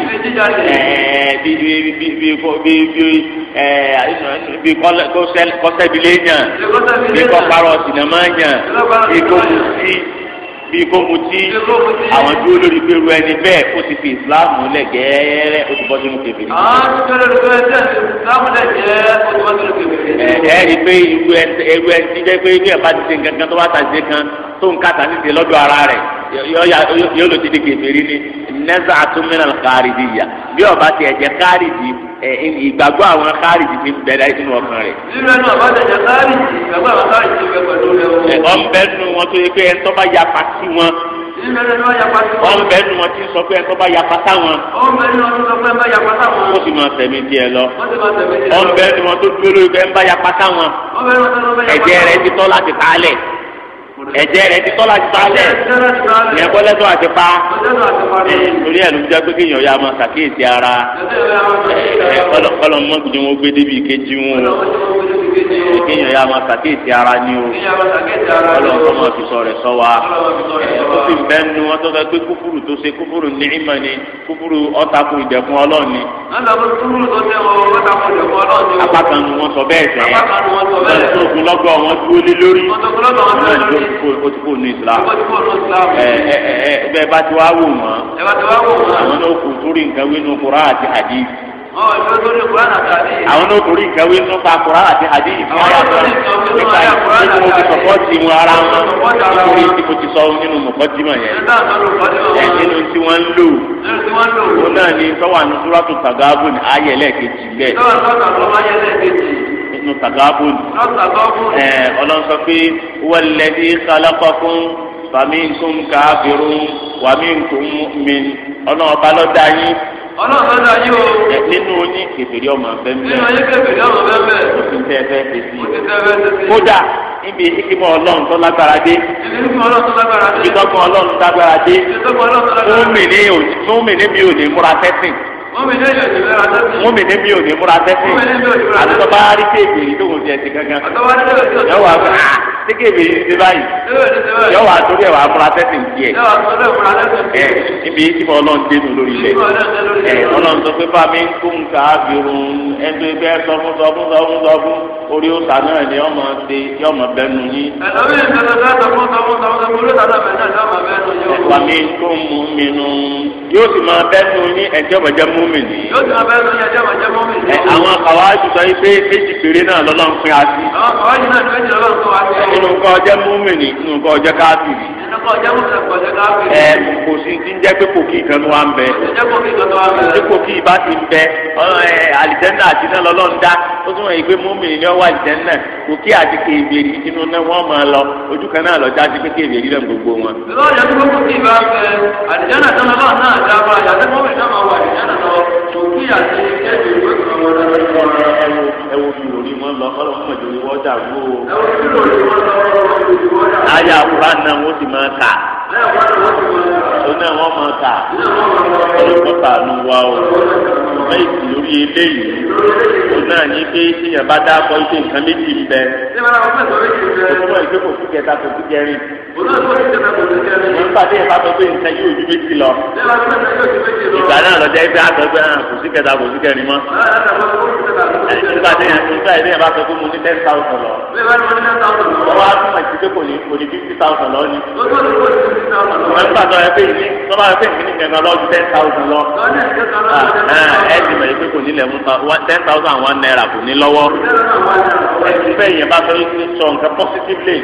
bí kọ́sẹ́bìlẹ̀ yàn bí kọ́parọ̀ sinamá yàn bí kọ́mùsí bí kò mutí àwọn dúró lórí pé ru ẹni bẹ́ẹ̀ kó ti fi ìsìláàmù lẹ̀ gẹ́ẹ́rẹ́ ó ti bọ́ sínú kèfèrí. àwọn dúró lórí pé ìsìláàmù lẹ̀ gẹ́ẹ́rẹ́ ó ti bọ́ sínú kèfèrí. ẹ ẹ rí i pé irú ẹ ti jẹ́ pé ní ẹ̀ bá ti ṣe nǹkan kan tó bá ta ṣe kan tó ń kàtà ní ti lọ́dọ̀ ara rẹ̀ yóò lò ti di kèfèrí ni nẹ́sà àtúnmínà kárìdì yá bí ọba tiẹ̀ jẹ́ kárìdì ìgbàgbọ́ àwọn kárìdì ti bẹ̀rẹ̀ inú ọkàn rẹ̀. nínú ẹnu ọba tẹ̀jẹ̀ kárìdì ìgbàgbọ́ àwọn kárìdì ti bẹ̀rẹ̀ pẹ̀lú rẹ̀ o. ọ̀ ń bẹ́ nu wọn tó yẹ pé ẹni tó bá ya pàtí wọn wọ́n bẹ̀ nù wọn ti sọ pé ẹ̀kọ́ bá yapa táwọn. wọ́n bẹ̀ nù wọn ti sọ pé ẹ̀kọ́ bá yapa táwọn. ó sì máa tẹ̀mí tiẹ̀ lọ. wọ́n bẹ̀ nù wọn tó dúró lórí pé ẹ̀kọ́ bá yapa táwọn. ẹ̀jẹ̀ rẹ̀ ti tọ́ láti kálẹ̀ ẹ̀jẹ̀ rẹ̀ ti tọ́lá ti balẹ̀ ìyẹn kọ́ lẹ́tọ́ àti pa torí ẹ̀ ló fi jágbé kéèyàn ya máa ṣàkíyèsí ara kọ́lọ̀ mọ́ gbìyànjú wọn gbé débi kejì wọn kéèyàn ya máa ṣàkíyèsí ara ni o kọ́lọ̀ mọ́ máa fi sọ rẹ̀ sọ wa ó sì bẹ́ẹ̀ nu wọn tó fẹ́ pé kúfúrú tó ṣe kúfúrú ní ìmọ̀ ni kúfúrú ọ̀tàkùn ìdẹ̀kùn ọlọ́ọ̀ni. apákan ni wọ́n sọ bẹ́ẹ̀ sẹ́yìn wọ́n tó ogun lọ́gọ́ wọn dúró lé lórí ó ti kó nu islam ẹ ẹ ẹ bẹ́ẹ̀ bá wọn àwọn náà kò torí nǹkan àti hadith àwọn náà torí nǹkan àti hadith ara wọn nítorí tí mo nínú tàgábùn ẹ ọlọ́sọ pé wọ́n lẹ́dí kálápá fún fàmí nkún káfírún wàmí nkún mi ọlọ́ọ̀bá lọ́dá yín ọlọ́run ló dájú o. ẹ nínú oní kẹfìrí ọmọ bẹ́ẹ̀ nínú oní kẹfìrí ọmọ bẹ́ẹ̀ o ti tẹ́ fẹ́ ṣe sí i. kódà níbi ìkímọ̀ ọlọ́run tó lágbára dé. ìkímọ̀ ọlọ́run lágbára dé. ìdọ́gbọ̀n ọlọ́run lágbára dé. ìdọ́gbọ̀n ọlọ́run lágbára dé mọ́mí ní mi ò ní múra tẹ́sí àti tọ́ bá rí kéèké yìí tó ń jẹ ti gángan yọ wá fún ṣé ah, kéèké yìí ti báyìí yọ wá torí ẹ̀ wá múra tẹ́sí ń tiẹ̀ ẹ̀ níbi tí mo lọ́n dénú lórí ilẹ̀ ẹ̀ sọ pé fámi ń kó nǹkan àbírun ẹgbẹ́ ẹgbẹ́ sọfún sọfún sọfún sọfún orí òòsà náà ni ọmọ ṣe yọmọ bẹnu yín. ẹ̀lọ́mí ìgbàlódé sọfún sọfún sọfún orí òòsà náà bẹ̀rẹ̀ náà yọmọ bẹnu yín. ẹ̀fà mi ń kó mú mi nù yóò sì máa bẹnu yín ẹ̀jẹ̀ ọ̀bẹ̀jẹ̀ mú mùmìnì. yóò àwọn àwájú yìí pé méjì péré náà lọ́lọ́ ń pín àti. inú kọ́ ọjẹ́ mùmìnì inú kọ́ ọjẹ́ káàkiri. inú kọ́ ọjẹ́ mùmìnì kọ́ ọjẹ́ káàkiri. ẹ kò sí ti ń jẹ́ pé kò kí ìkan wa ń bẹ. ṣé kò kí ìbá ti ń bẹ àlìjẹ́nà àti iná lọ́lọ́ ń dá ó tún wọ̀nyí pé mùmìnì ni ó wà àlìjẹ́nà kò kí àti kèbèrè inú náà wọ́n máa náà dábàá yàtọ̀ náà máa wà àlìjẹ́nà náà lọ tòkí àti kẹ́mi ìwé kan wọn lọ sí wọn. ẹ wo bí òní wọn lọ kọ́lọ́ fún ìjòyè wọn dàgbò. ẹ wo bí òní wọn lọ kọ́lọ́ fún ìjòyè wọn dàgbò. àyà àkùrá náà wọ́n ti máa kà. àyà àkùrá náà wọ́n ti máa kà. òun náà wọ́n máa kà. ọlọ́pàá tàánú wa o. lẹ́yìn lórí eléyìí òun náà ní pé tíyẹn bá dá nígbà tí ìfà sọ pé nǹkan yóò ju méjì lọ ìgbà náà lọ jẹ́ ibi àtọ́gbẹ́ náà kò sí kẹta kò sí kẹrin mọ́ nígbà tí ìfà ìdí ìfà sọ pé mo ní ten thousand lọ wọ́n wá fún ẹ̀sìn pé kò ní kò ní fifty thousand lọ ni wọ́n nígbà tó ẹ pé ìní tó bá pè ní kẹ̀kẹ́ lọ ju ten thousand lọ ah, ah, ẹ ti mọ̀ pé kò ní lẹ̀ mú ten thousand one naira kò ní lọ́wọ́ ẹ̀sìn bẹ́ẹ̀ yẹn bá sọ nǹkan positively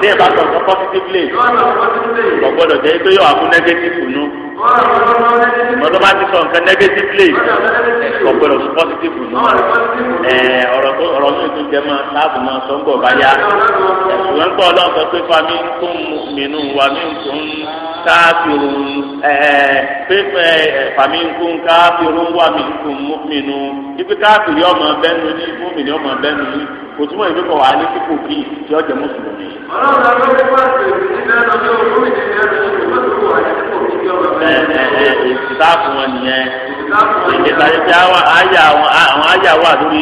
tí ẹ bá sọ sọ positively kò gbọ́dọ̀ jẹ́ pé yóò àmú negative nù ọdún bá ti sọ nǹkan negatively kò gbọ́dọ̀ sọ positive nù ọ̀rọ̀ tó ọ̀rọ̀ mi tún jẹ mọ́ láàbù mọ́ sọ́ńgọ̀ bá yá ẹ̀sùn wọn kọ́ ọlọ́run sọ pé fami ń kún mìínú wa mi ń kún káfíìrù pé fami ń kún káfíìrù wa mi ń kún mìínú ibi káfíìrì ọmọ bẹ́ẹ̀ nù ní mú mìíràn ọmọ bẹ́ẹ̀ nù ní kò túmọ̀ ìdókòwò alẹ́ kíkò kí tí ọjà mọ̀ mùmí. ọlọ́run àwọn ọmọ wa ṣe ìdílé náà ní olórí ìdílé náà ní olórí ìdílé náà ní olórí ìdílé náà ní olórí ìdílé náà ní olórí ìdílé náà ní olórí ìdílé náà ní olórí ìdílé náà ní olórí ìdílé náà ní olórí ìdílé náà ní olórí ìdílé náà ní olórí ìdílé náà ní olórí ìdílé náà ní olórí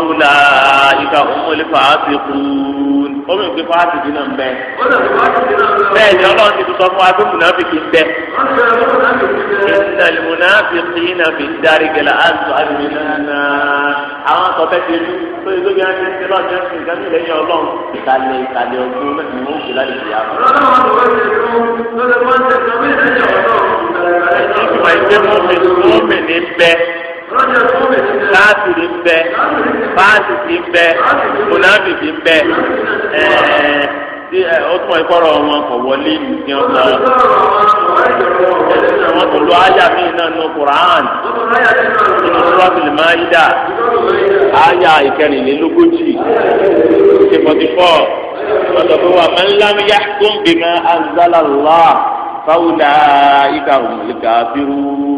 ìdílé náà ní olórí ìdílé omi òkè fún àtìdí náà ń bẹ. bẹ́ẹ̀ ni ọlọ́run ti sọ fún wa pé mùnàfíkì ń bẹ. ìsìnàlì mùnàfíkì iná fi ń darí gẹlẹ́ àtò àdìmí náà. àwọn akọ̀fẹ́ ti lu tó yẹ lóbi àti ìṣẹ́ lọ́jọ́ ìṣẹ́ ìgbà nílẹ̀ yẹn ọlọ́run. ìkàlẹ̀ ìkàlẹ̀ ọgbọ́n mẹ́tì ni wọ́n láti fi àwọn. ìtumọ̀ ìgbẹ́ mọ́mí mọ́mí ní bẹ́ẹ̀ káàtìrì ń bẹ báàsì ti ń bẹ mùnàbì ti ń bẹ tí ọtún ẹkọrọ wọn kò wọlé ìlú tí wọn sọ wọn tó lọ àyà mi náà nù Qur'an nínú Suratul Maida àyà ìkẹrìnlélógójì ṣe forty four ọ̀dọ̀ pé wà man lam yahkum bima anzala Allah fa ulaika humul kafirun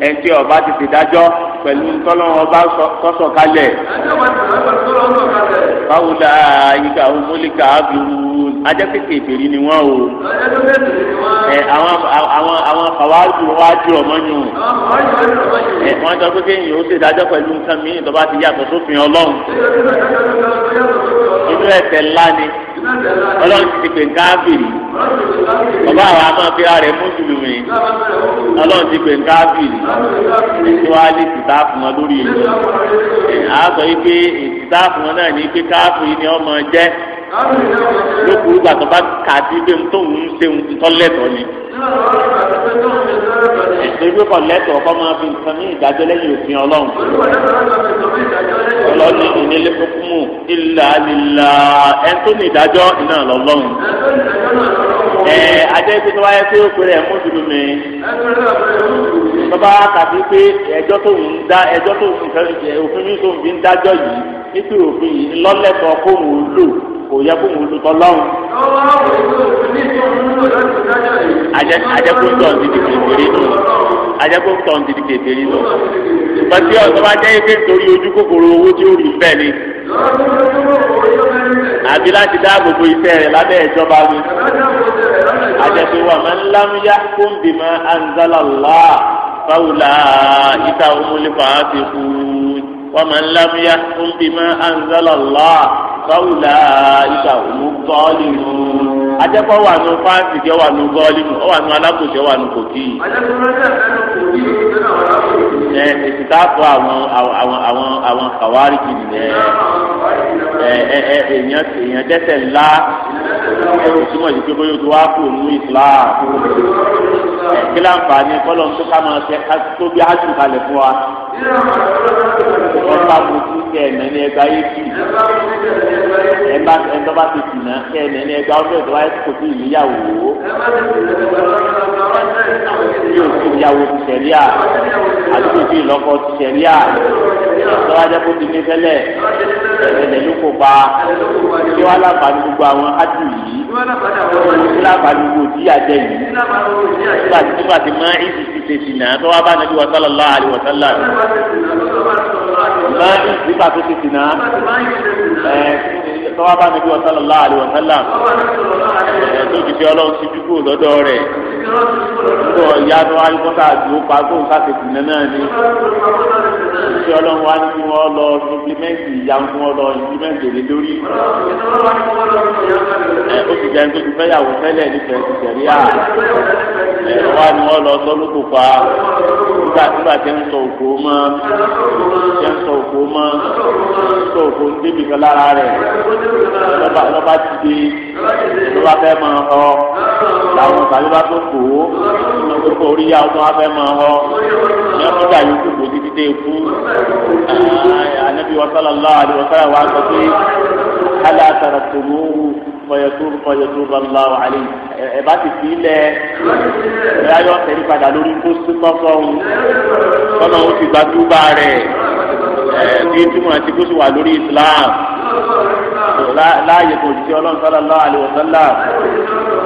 ẹtí ọba ti ti dájọ́ pẹ̀lú ntọ́lọ́wọ́ ọba kọ́sọ̀ kalẹ̀. báwo la ìgbà omólíkà abiru ajẹ́pẹ̀kẹ̀ ìbèrè ni wọ́n o. ẹ àwọn àwọn àwọn fàwájú wa jù ọmọnyù. ẹ wọ́n sọ pé kéèyàn ó ṣèdájọ́ pẹ̀lú nǹkan mìíràn tó bá ti yàtọ̀ sófin ọlọ́run irú ẹ̀ṣẹ̀ ńlá ni ọlọ́run ti pè káfìrí bàbá àwọn àmọ́ fi ara rẹ̀ mùsùlùmí ọlọ́run ti pè káfìrí ètò alẹ ti tá a fún wọn lórí èyí àá sọ yìí pé ètò a fún wọn náà ní pé káfìrí ni ọmọ jẹ́ lókù ìgbà tó bá kà sí pé tóun ń ṣe ńtọ́ lẹ́tọ̀ọ́ ni. ètò ìwé kan lẹ́tọ̀ọ́ kọ́ máa fi nǹkan ní ìdájọ́ lẹ́yìn òfin ọlọ́run. ọlọ́ni ìnílé kúkúmù ìlà lílà ẹni tó ní ìdájọ́ iná lọ́lọ́run. ẹ ajẹ́ pé tó wáyé pé ó pèrè ẹ̀mú dùdú mi. bàbá tàbí pé ẹjọ́ tó ń dá ẹjọ́ tó ń fẹ́ òfin mi tó ń fi ń dájọ́ yìí nítorí òfin yìí lọ́lẹ́tọ̀ọ́ kóhùn kò yẹ kó ń lu tọ́lọ́run. ajẹ́kùn tọ̀hún ti di kékeré nù. ajẹ́kùn tọ̀hún ti di kékeré nù. pàṣẹ ọ̀sán bá jẹ́ ike nítorí ojú kòkòrò owó tí ó rí bẹ́ẹ̀ ni. àbí láti dáàbò bo iṣẹ́ rẹ̀ lábẹ́ ìjọba mi. ajẹ́kùn wa máa ń lámúyá kó ń bímọ anzalala fáwùlà ìta òmùlẹ̀ fàá ti kú wọ́n máa ń lámúyá kó ń bímọ anzalala fáwùlà ìgbà òmù gọ́ọ̀lì nù. ajẹ́pọ̀ wà nù fáǹsì jẹ́ wà nù gọ́ọ̀lì nù ó wà nù alákòjẹ́ wà nù kòkì. ẹ èsì tá a fọ àwọn àwọn àwọn àwọn kàwárí kìnnì ẹ ẹ ẹ ẹ èèyàn èèyàn dẹ́ṣẹ̀ ńlá ẹ o túmọ̀ yìí pé bóyá o ti wá kó nù Islam ẹ kí láǹfààní kọ́lọ́ ń tó ká máa ṣe tó bí a jù kalẹ̀ fún wa ẹ bá mojú kẹ ẹnẹ ní ẹgbà yé kì ẹ bá ẹ tó bá ti kì náà kẹ ẹnẹ ní ẹgbà ọdún ẹgbà yẹ kò tó ìníyàwó tí o ti ìyàwó ti sẹ̀rí à àti o ti ìlọ́kọ ti sẹ̀rí à ìtọ́wájẹ́ kó ti ní fẹ́lẹ̀ ẹlẹ yókò pa kí wọn alábàánu gbogbo àwọn adùn yìí kí alábàánu gbogbo tí a jẹ yìí nígbà tí nígbà tí máa ń ti ṣe sìnà tó wá bá nàbí wa sálàlá àlè wa sálà máa ń nígbà tó ṣe sìnà ẹ tó wá bá nàbí wa sálàlá àlè wa sálà ẹ tó ti fi ọlọ́run ti dúpọ̀ lọ́dọ̀ rẹ̀ nígbà ìyá tó wá yí kọ́ta àti pa kó ń ká ìṣe ọlọ́run wa ní wọn lọ implimẹ́ǹtì ìyá ń wọn lọ implimẹ́ǹtì èdè lórí. ẹ ó ti jẹun tó ti fẹ́ yàwó fẹ́lẹ̀ nífẹ̀ẹ́ ti tẹ̀lé à ẹ wá ní wọn lọ sọ lóko pa nígbà nígbà tẹ́ ń sọ òkú mọ́ tẹ́ ń sọ òkú mọ́ sọ òkú ń débi kan lára rẹ̀ lọ́ba ti dé lọ́ba fẹ́ máa họ làwọn tàbí bá tó kó lọ́ba orí yà ọmọ afẹ́ máa họ ní ọdún dàyókù kò títí dé kú anabi wa sallallahu alayhi wa sallam wa sọ pé ala taraktumu fọyọtú fọyọtú bàbáwò àlè ẹ bá ti fi lẹ ẹ ayọ tẹlẹ padà lórí kó súpọ fọhùn kọlọ ó ti gba túbà rẹ ẹ bí túmọ̀ àti kó sì wà lórí Islam láàyè kò sí ọlọ́run sallallahu alayhi wa sallam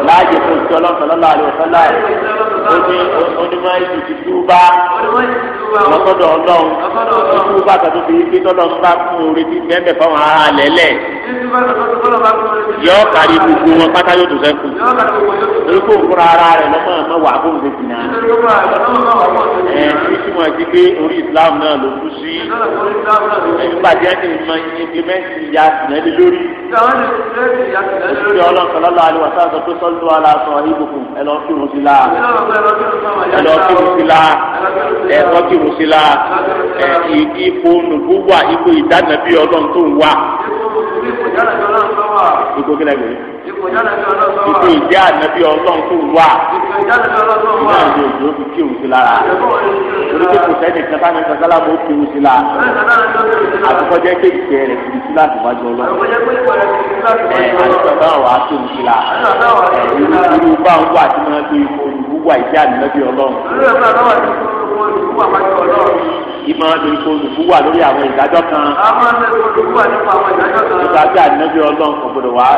láàyè kò sí ọlọ́run sallallahu alayhi wa sallam onímọ̀ ìlú ti túbà lọ́kọ́dọ̀ ọlọ́run ti túbà tàbí fi ibi tọ́lọ́ ń bá fún orí ti bẹ́ẹ̀ fáwọn ará lẹ́lẹ̀ yọ kárí gbogbo wọn pátá yóò tó sẹ́kù lórí kó nkúra ara rẹ̀ lọ́mọ ẹ̀mọ́ wà fún òde jìnnà ẹ̀ ní túmọ̀ sí pé orí Islam náà ló kú sí nígbà tí wọ́n ti mọ implement ìyá sinẹ́lí lórí ìṣẹ́ ọlọ́run sọlọ́lá àlùwàsá sọ pé sọ́lú aláṣọ ibùkún ẹ lọ́ọ́ fi wọn sí láàrin ẹlọ kírun sí la ẹtọ kírun sí la ẹ ipò nùbúwà ipò ìdánàbí Ọlọ́run tó ń wà. ipò kí lẹ́gbẹ̀ẹ́ ipò ìjẹ́ ànábí Ọlọ́run tó ń wà. ìgbà yóò yóò fi kírun sí lára oríṣi kò sẹ́ni kẹta ní sàgálà bó kírun sí la àtúkọ́jẹ́ kéèké rẹ̀ kiri sí láti wájú Ọlọ́run ẹ̀ àti bàbá wa kírun sí la ẹ̀ irú bá ń wà tí wọ́n ti kó ní wà ìyá ànábì ọlọ́run ìmọ̀ ètò olùkú wà lórí àwọn ìdájọ́ kan. àwọn ètò olùkú wà nípa àwọn ìdájọ́ kan. ìdájọ́ ànábì ọlọ́run kò gbọdọ̀ wá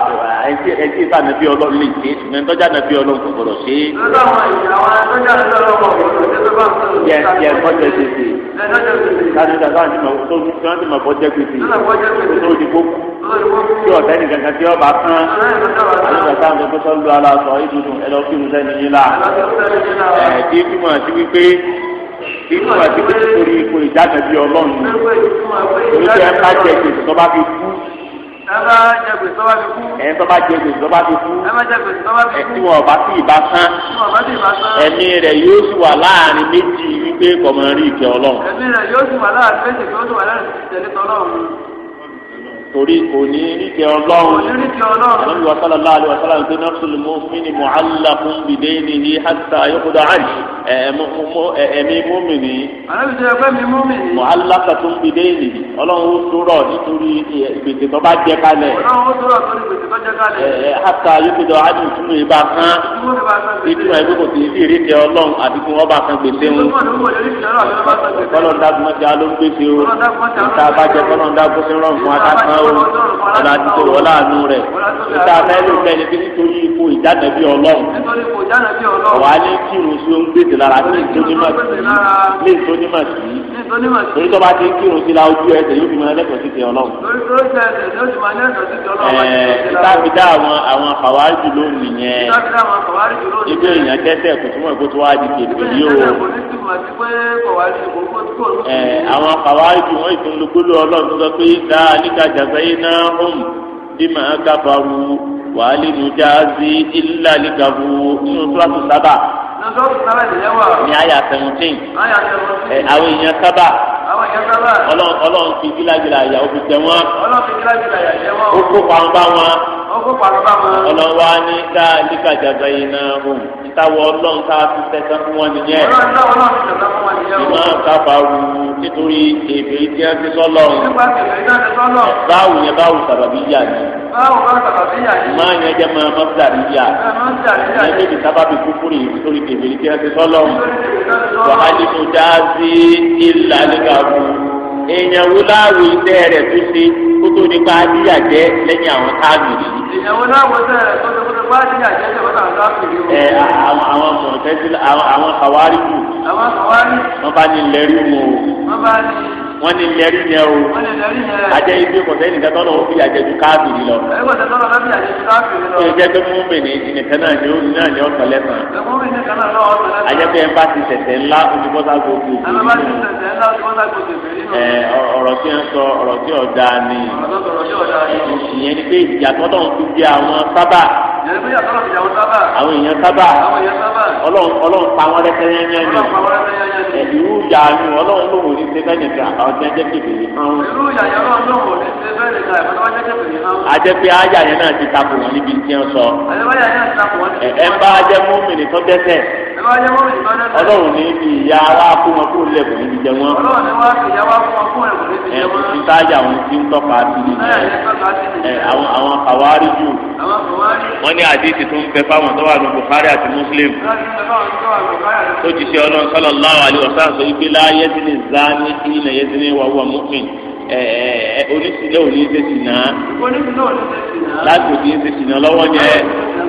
ẹtí ìta ànábì ọlọ́run lè ṣe ìmọ̀ntọ́jà ànábì ọlọ́run kò gbọdọ̀ ṣe. lọ́dọ̀ àwọn ìyàwó ànábì ọlọ́run kò gbọdọ̀ ṣe láti dàgbà àti mọ̀ tó ti wọ́n ti mọ̀ bọ́ jẹ́ pèsè tó ti kó tí ọ̀tẹ́ nìkan kan tí ọba kan àti dàgbà àti mọ̀ tó ń lu aláṣọ ìdúdú ẹ lọ kí n sẹ́ni yín la ẹ̀ẹ́dì túmọ̀ sí wípé irú àti kòkòrò ipò ìjánẹbi Ọlọ́run ní kí ẹ bá jẹ gbèsè tó bá fi kú. ẹ bá jẹ gbèsè tó bá fi kú. ẹ tó bá jẹ gbèsè tó bá fi kú. ẹ bá jẹ gbèsè tó bá fi kú. ẹ tí wọn bá sì bá sán. ẹ̀mí rẹ̀ yóò sì wà láàrin méjì wípé kọmọ rí ìkẹ́ Ọlọ́run. ẹ̀mí rẹ̀ yóò sì wà láàrin méjì wípé kọmọ rí ìkẹ́ Ọlọ́run torí kò ní níkẹ́ ọlọ́run àlọ́bí wa sálà láàlú wa sálà nítorí náà sùlù mú mí ni mọ̀hálà fún bìdé ni yí hàtà yókùdà àjì ẹ̀mí múmi ni. àlọ́bí sọ pé mi múmi ni. mọ̀hálà fún bìdé ni ọlọ́run ó dúró nítorí gbèsè tó bá jẹ kalẹ̀. ọlọ́run ó dúró nítorí gbèsè tó jẹ kalẹ̀. hàtà yókùdà àjì ìtumọ̀ ìbá kan ìtumọ̀ ìbí kò sí ìdí ìrìkẹ́ ọlọ́run àti kí wọ́n bá kan gbèsè wọn. kọ́lọ́ndà ọlọ́run ọ̀la ti tó wọlé àánú rẹ̀ níta mẹ́lò kẹ́ni bí nítorí ipò ìjánẹ̀bí ọlọ́run ọ̀wá ní kírun sí ohun gbèsè lára ní ìtónímọ̀ sí ní ìtónímọ̀ sí torí tó bá ti ń kírun sí la ojú ẹsẹ̀ yóò fi máa lẹ́tọ̀ọ́ sí ti ọlọ́run. ẹ̀ẹ́ tábìdá àwọn àwọn àfàwárí lónìí yẹn ibi èèyàn tẹ́tẹ́ kò túmọ̀ kó tó wá di kèké yìí o àwọn àfàwárí wọn ìtúndógóló ọlọ́run sọ pé dáa níkàjà jazaynahum bima kafaru wàhálì nujazi illa likafu nínú túlátù sábà ní àyà seventeen àwọn èèyàn sábà ọlọ́run fi gílágìlà àyà ó fi tẹ wọ́n ó kópa ń bá wọn ọlọ́wà ní ká níka jàgbá yìí náà hù ìtawọ̀ ọlọ́run ká fi tẹ̀sán fún wọn nìyẹn. ìmọ̀ kábàárù nítorí èbè tí wọ́n ti sọ́lọ̀ báwù yẹn báwù sàbàbí yà ni. máa yẹn jẹ́ máa má bìlàrí yà. ẹgbẹ́ mi sábàbí kúkúrì nítorí èbè tí wọ́n ti sọ́lọ̀. wàhálì mo dá sí ìlànà kàwé èèyàn wo láàrú iṣẹ́ rẹ̀ tó ṣe kó tó ní bá díyà jẹ́ lẹ́yìn àwọn táàbì rí. èèyàn wo láàrú iṣẹ́ rẹ̀ tó ṣe kó tó bá díyà jẹ́ lẹ́yìn àwọn táàbì rí. ẹ àwọn àwọn mọ̀tẹ́sílẹ̀ àwọn àwọn kàwárí kù. àwọn kàwárí. wọ́n bá ní lẹ́rú wọn o. wọ́n bá ní wọ́n ní lẹ́rí yẹn o ajẹ́ ibi kọ̀tẹ́ nìkan tọ́lọ̀ ó fi àjẹjù káàbìrì lọ. ìjẹ́ pé mú bèèrè nìkan náà ni ó náà ni ọ̀sán lẹ́sàn. ajẹ́ pé ẹnba ti tẹ̀sẹ̀ ńlá ojúbọ́sá gbogbo ìgbèrè. ọ̀rọ̀ tí ń sọ ọ̀rọ̀ tí ọ̀dà ni ìyẹn ni pé ìyàtọ̀ tó ń fi bí àwọn sábà àwọn èèyàn sábà ọlọ́run pa wọn lẹ́sẹ̀ yẹn yẹn ni ìlú ìyá ni ọlọ́run lòun ní sẹ́fẹ́ nìkan àwọn hàn. irú ìyàyà náà náà wò lè ṣe bẹ́ẹ̀ lè ta ìfọdọ́ wọn jẹ́ kébèrè hàn. àjẹpẹ ayà náà ti takò wọn níbi tí wọ́n sọ. àjẹpẹ ayà náà ti takò wọn ẹ ń bá ajẹ́ mọ́mìnì tó dẹ́sẹ̀ ọlọ́run ní ibi ìyá ara kúmọ kó lẹ́bùn níbi jẹ wọn. ọlọ́run ní wàá fi ìyá wa kúmọ kó lẹ́bùn níbi jẹ wọn. ẹ ìtajà wọn ti ń tọ́ka sí i. ẹ àwọn àwọn kàwárí jù. wọ́n ní àdéhìí tó ń bẹ fáwọn tó wà ní Bukhari àti Muslim. tó ti ṣe ọlọ́run sallallahu alaihi wasallam sọ ibi láyé tí ní zani ilẹ̀ yé tí ní wàhùwà mu'min. Eh, eh, eh, onísìlẹ̀ òní ṣe sì náà láti òní ṣe sì náà lọ́wọ́ ni ẹ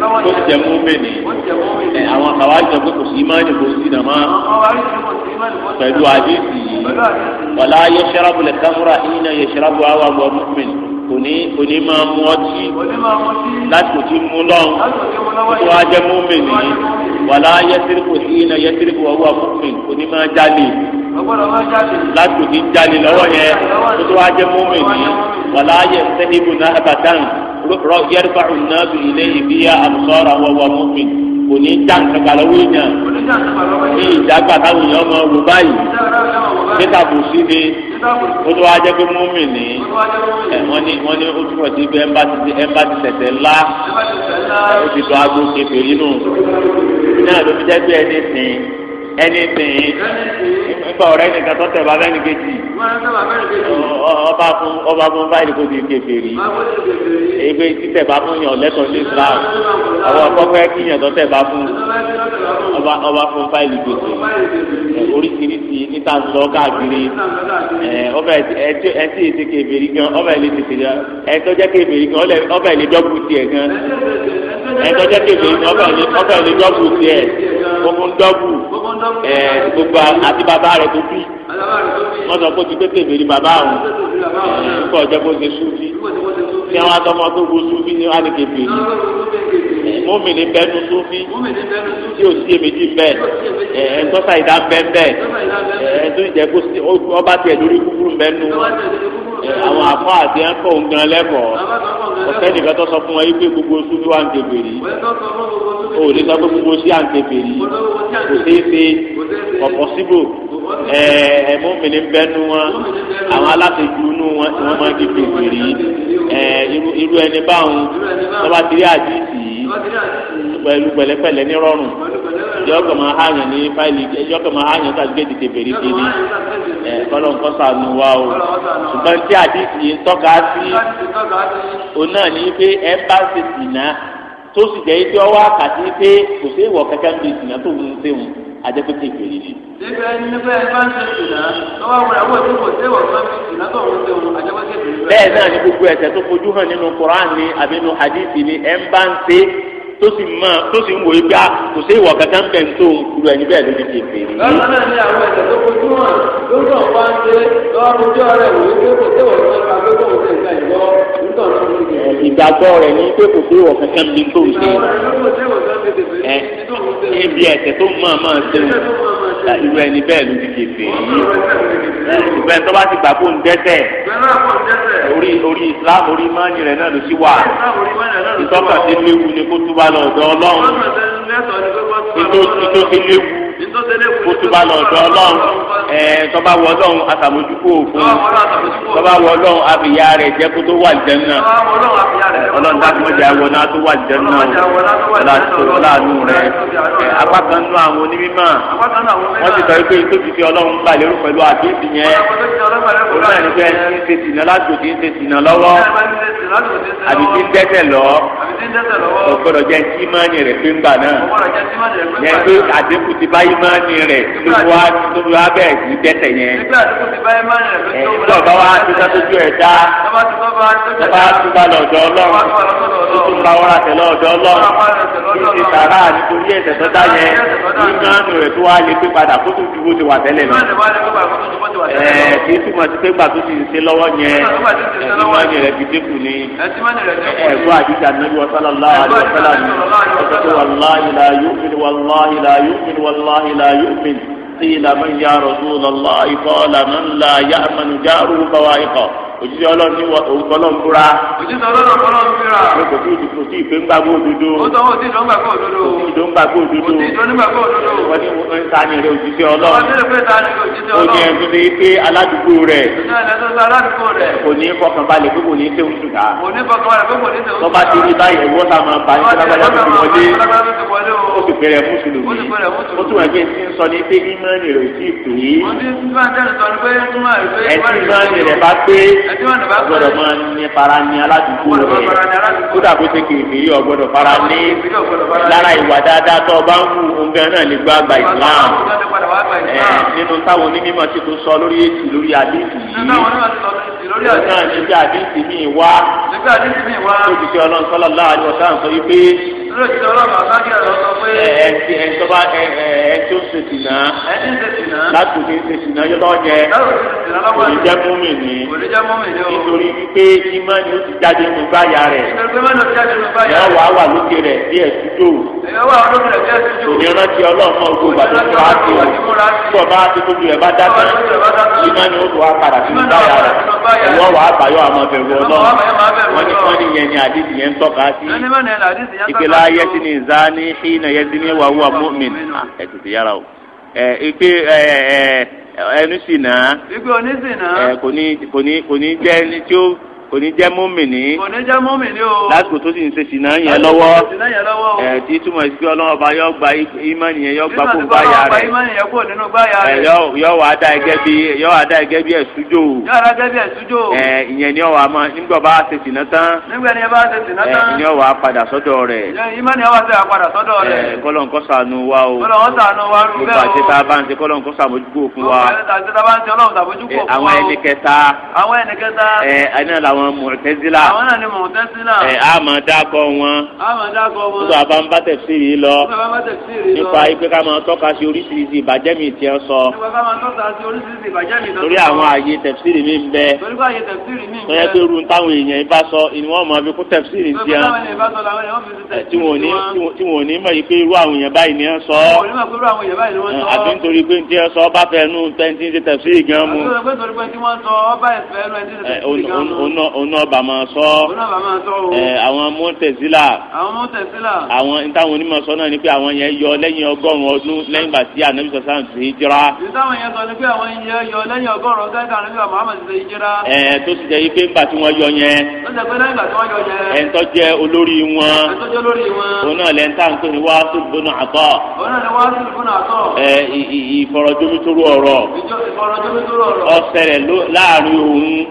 tó ti jẹ mú bẹ́ẹ̀ ni àwọn àkàwá jẹ pé kò sí imáàni kò sí nàmá pẹ̀lú àdéhùn yìí wàlá yẹ ṣẹ́rábù lẹ̀ kámúra ìyìn náà yẹ ṣẹ́rábù àwọn àgbà mọ́mìn kò ní kò ní máa mú ọtí láti òtí mú lọ́hùn tó wá jẹ́ mọ́mìn nìyí wàlá yẹ sírìkù ìyìn yẹ sírìkù àwọn àgbà mọ́mìn máa jálè láti òní jalè lọ́wọ́ yẹn tó tó wá jẹ́ mọ́mìn ní wàlá ayé sẹ́hìbù náà abadan yẹ́rìfà ọ̀nà ilé ìbíyà àbùsọ̀rọ̀ wọ́wọ́ mọ́mìn kò ní já nǹkan lọ́wọ́ èèyàn ní ìdágbà táwọn èèyàn máa wò báyìí níta kò sí ni ó tó wá jẹ́ pé mọ́mìn ní wọ́n ní wọ́n ní ó túbọ̀ sí pé ẹ̀ńbà ti tẹ̀tẹ̀ ńlá ó ti dọ̀ aago kékeré nù náà ló fi jẹ́ pé ẹni sìn ẹni tìyín nígbà ọ̀rẹ́ nìkan tó tẹ̀ bàbá ẹni kejì ọba fún ọba fún báyìí kò ti kèfèrí ebe títẹ̀ bá fún yàn lẹ́tọ̀ọ́ ní Islam àwọn akọ́kọ́ kí yàn tó tẹ̀ bá fún ọba fún báyìí kejì oríṣiríṣi níta ń lọ káàkiri ọba ẹtí ètè kèfèrí gan ọba ẹlẹ́ tètè gan ẹtọ́ jẹ́ kèfèrí gan ọba ẹlẹ́ dọ́kù tiẹ̀ gan ẹtọ́ jẹ́ kèfèrí gan ọba ẹlẹ́ dọ́kù tiẹ̀ gbogbo ń dọ́kù ẹ gbogbo àti bàbá rẹ tó bí wọn sọ pé o ti pé tèmi ni bàbá òun nípa ọjọ́ bó ṣe súnfí tí wọn àtọmọ tó gbó súnfí ni wọn á ní kéde yìí mọ́mìnì bẹ́nu súnfí tí o sí èméjì bẹ́ẹ̀ ẹ ẹ tọ́sà ìdá bẹ́ẹ̀ bẹ́ẹ̀ ẹ tó ìjẹ́ kó ọba tiẹ̀ lórí kúkúrú bẹ́ẹ̀ nù àwọn afọ àti ẹkọ ngan lẹ́kọ̀ọ́ ọ̀sẹ̀ nìkan tó sọ fún wọn yìí pé gbogbo oṣù tó à ń tẹ̀lé rí o lè sọ pé gbogbo oṣù à ń tẹ̀lé rí kò ṣeé ṣe ọ̀pọ̀ síbò ẹ ẹ mọ́mìnì ń bẹ́ wọn àwọn aláṣẹjú nu wọn tí wọ́n máa ń tẹ̀lé rí irú ẹni báwọn tó bá ti rí àdìsí yìí pẹ̀lú pẹ̀lẹ́pẹ̀lẹ́ ní rọrùn yọkọ̀ máa hàyàn ní fáìlì yọkọ̀ máa hàyàn tá a gbé dìde bèrè dé ní ẹ kọ́lọ̀ nǹkan sànù wa o ṣùgbọ́n tí àdìsí tọ́ka sí òun náà ní pé ẹ bá ṣe sì náà tó sì jẹ́ ijó wá kàtí pé kò sí ìwọ̀ kẹ́kẹ́ ń bi ìsìnà tó ń ṣe ajẹ́pẹ́ tí ìpèrè ni. ṣébí ẹni nígbà ẹ bá ń ṣe ìṣìnà lọ́wọ́ àwọn ìyàwó tí kò tẹ́wọ̀ bá ń fi ìṣìnà tó ń ṣe òun ajẹ́pẹ́ tí ìpèrè. bẹ́ẹ̀ náà ni gbogbo ẹ̀ṣẹ̀ tó fojú hàn nínú Qur'an ni àbí nínú hadith ni ẹ̀ ń bá ń ṣe tó sì mọ tó sì ń wò ó gbá ah, kò sí ìwọ kankan bẹ̀ ń tó ẹni bẹ́ẹ̀ ló ti é. lọ́sàn-án ni àwọn ẹ̀ṣẹ̀ tó fojú hàn lójú ọ̀pá ń ṣe lọ́rùn jọ́ rẹ̀ wò ó gbé kò t ìgbàgbọ́ rẹ̀ ní pé kò sí ìwọ̀ kankan bí tó ń ṣe ẹ níbi ẹ̀sẹ̀ tó máa máa ṣe irú ẹni bẹ́ẹ̀ ló ti kèfè yìí ìgbà tó bá ti gbà kó ń dẹ́ṣẹ̀ orí orí Islam orí imáàni rẹ̀ náà ló sì wà ìtọ́ka ti léwu ni kó túbà lọ ọ̀dọ̀ Ọlọ́run ìtọ́ka ti léwu kó túbà lọ ọ̀dọ̀ Ọlọ́run ẹ tọba wọ Ọlọ́run àtàmójúkò òfin tọba wọ Ọlọ́run àfìyà rẹ jẹ kó tó wà jẹ náà Ọlọ́run dákúmọjà wọ náà tó wà jẹ náà ọlọ́run láàánú rẹ apá kan nú àwọn onímọ̀ wọ́n ti sọ pé ìtòkì tí Ọlọ́run gbà lérò pẹ̀lú àdéhùn yẹn òun náà ní pé ẹni tí ń ṣe sìnà lájò tí ń ṣe sìnà lọ́wọ́ àbí tí ń dẹ́tẹ̀ lọ ọ̀gbọ́dọ̀ jẹ́ kí ìmánì rẹ̀ pé ń gbà náà yẹn pé àdéhùn ti bá ìmánì rẹ̀ lóṣù wa bẹ́ẹ̀ kì í dẹ́ṣẹ̀ yẹn. nígbà tó ti bá ẹ máa ń rẹ̀ lójú ọ̀la. ìgbà bá wa ti sá tójú ẹ̀ dá. bá a tún bá lọ́dọ̀ ọlọ́run. tó tún bá wọ́n àtẹ̀ lọ́dọ̀ ọlọ́run. kí sàrà nítorí ẹ̀ṣẹ̀ tó dá yẹn. nígbà tó rẹ̀ tó wá lè pé padà kó tó ju bó ti wà tẹ́lẹ̀ lọ. ẹ̀ẹ́ kì í túmọ̀ sí pé gbà tó ti ṣe lọ́wọ́ yẹn. ẹ̀ẹ́dínwájú rẹ̀ fi dínkù ni. ẹ̀ẹ́dínwájú àdìjà nàbí wàsálà والله لا يؤمن والله لا يؤمن والله لا يؤمن قيل من يا رسول الله قال من لا يأمن جاره بوائقه òjijì ọlọ́run ní orúkọ náà ń búra. òjijì ọlọ́run kọ́ náà ń búra. ní kò tí kò tí ìpè ń gbàgbọ́ òdodo. ó sọ wọn ò tí ì dọ́ngbàgbọ́ òdodo. kò tí ì dọ́ngbàgbọ́ òdodo. kò tí ì dọ́ngbàgbọ́ òdodo. wọ́n ní wọ́n ń ta ni rẹ̀ òjijì ọlọ́run. wọ́n ní wọ́n ń ta ni rẹ̀ òjijì ọlọ́run. ó ní ẹni tó ṣe pé aládùúgbò rẹ̀. kò ní fọkànbalẹ̀ pé kò ní ṣe oṣù ká. kò ní fọkànbalẹ̀ pé kò ní ṣe oṣù ká. tọ́ba ti rí báyìí ẹ̀wọ́ ta máa bá yín lágbájá tó ń sọ ní bá pé ọgbọ́dọ̀ máa ní fara ní aládùúgbò rẹ̀ kódà bó ṣe kìrìkì rí ọgbọ́dọ̀ fara ní lára ìwà dáadáa tó ọba ń wù oúnjẹ náà lè gbọ́ àgbà Islam nínú táwọn onímọ̀ ti tó sọ lórí èsì lórí àdéhùn yìí lórí ọ̀dọ́ náà níbi àdéhùn mi wá tóbi tí ọlọ́run sọ́lá láàrin ọ̀sán sọ wípé. lórí ọ̀dọ́ ọlọ́run àbájáde ọ̀sán ẹtì ẹtọba ẹtì ọsẹsìnà láti òkè ṣẹsìnà yọtọ jẹ oníjẹ múmi ni nítorí wípé ìmánì ó ti jáde nínú báyà rẹ yọ wà wà lókè rẹ bí ẹtúdò òní rántí ọlọ́ọ̀mọ ogun ìbàdàn tó a ti wò tó bá ti tóbi rẹ bá dáná ìmánì ó tó a padà sínú báyà rẹ ìwọ wà á bàyọ àmọ́ bẹ̀rù Ọlọ́run wọn ni wọn ni yẹn ni àdìsí yẹn ń tọ́ka sí ìpìlẹ̀ ayé tí ni ìzáni hìnà yẹ yẹn ti ní wà wà ẹ tètè yára o ẹ ike ẹ ẹ ẹnu sì náà. ike onísìn náà. ẹ kò ní kò ní kò ní jẹ́ ẹni tí ó kò ní jẹ́ mùmínì. kò ní jẹ́ mùmínì o. lásìkò tó sì ń ṣe sìnà yẹn lọ́wọ́. sìnà yẹn lọ́wọ́ o. ẹ ti túmọ̀ sí pé ọlọ́run ọba yọ gba ìmánì yẹn yọ gba kó gbáya rẹ̀. ẹ yọ wà á dá ẹgẹ́ bí yọ wà á dá ẹgẹ́ bí ẹ̀sújò. yọ wà á dá ẹgẹ́ bí ẹ̀sújò. ẹ ìyẹn ni ọwà máa nígbà bá ṣe sìnà tán. nígbà ni ẹ bá ṣe padà sọ́dọ̀ rẹ̀. ìmánì ọwà ṣe àpadà sọ́dọ̀ rẹ̀. kọ́lọ̀ nǹkan sànù wa o. kọ́lọ̀ nǹkan sànù wa o. gbogbo àti tá a bá ń ṣe kọ́lọ̀ nǹkan sàmójúkò fún wa. àwọn ẹni kẹta. àwọn ẹni kẹta àwọn mọ̀tẹ́sílà. àwọn náà ni mọ̀tẹ́sílà. ẹ a máa dákọ̀ wọn. a máa dákọ̀ wọn. nígbà bá ń bá tẹ̀sí yìí lọ. nígbà bá ń bá tẹ̀sí yìí lọ. nípa ipe ká máa tọ́ka sí oríṣiríṣi ìbàjẹ́ mi tiẹ̀ sọ. nígbà ká máa tọ́ka sí oríṣiríṣi ìbàjẹ́ mi tiẹ̀ sọ. torí àwọn àyè tẹ̀síìrì mi ń bẹ. torí àwọn àyè tẹ̀síìrì mi ń bẹ. tó yẹ pé irun táwọn èèyàn bá sọ ni wọ́n máa fi kún tẹ̀síìrì tiẹ̀. tí wọn ò ní mọ̀ yìí pé irú àwọn èèyàn báyìí ni wọ́n sọ. àti nítorí pé tí wọ́n sọ bá fẹ́ẹ́ nù tẹ́ntì ń ṣe tẹ̀síìrì gan mu ọ̀nà ọba máa sọ àwọn mọ́tẹ̀sílà àwọn nítawọn onímọ̀ sọ náà ni pé àwọn yẹn yọ lẹ́yìn ọgọ́rùn-ún ọdún lẹ́yìn ìgbà tí ànábì sọ̀sán ti jira. nítawọn yẹn sọ ni pé àwọn yẹn yọ lẹ́yìn ọgọ́rùn-ún ọdún lẹ́yìn ànábì Muhammad ti jira. ẹ tó ti jẹ yìí pé ńgbà tí wọ́n yọ yẹn. tó ti jẹ pé lẹ́yìn ìgbà tí wọ́n yọ yẹn. ẹ̀ olórí wọn. ẹ̀ ń olórí wọn. òun náà lẹ́ ń pè ní wàásù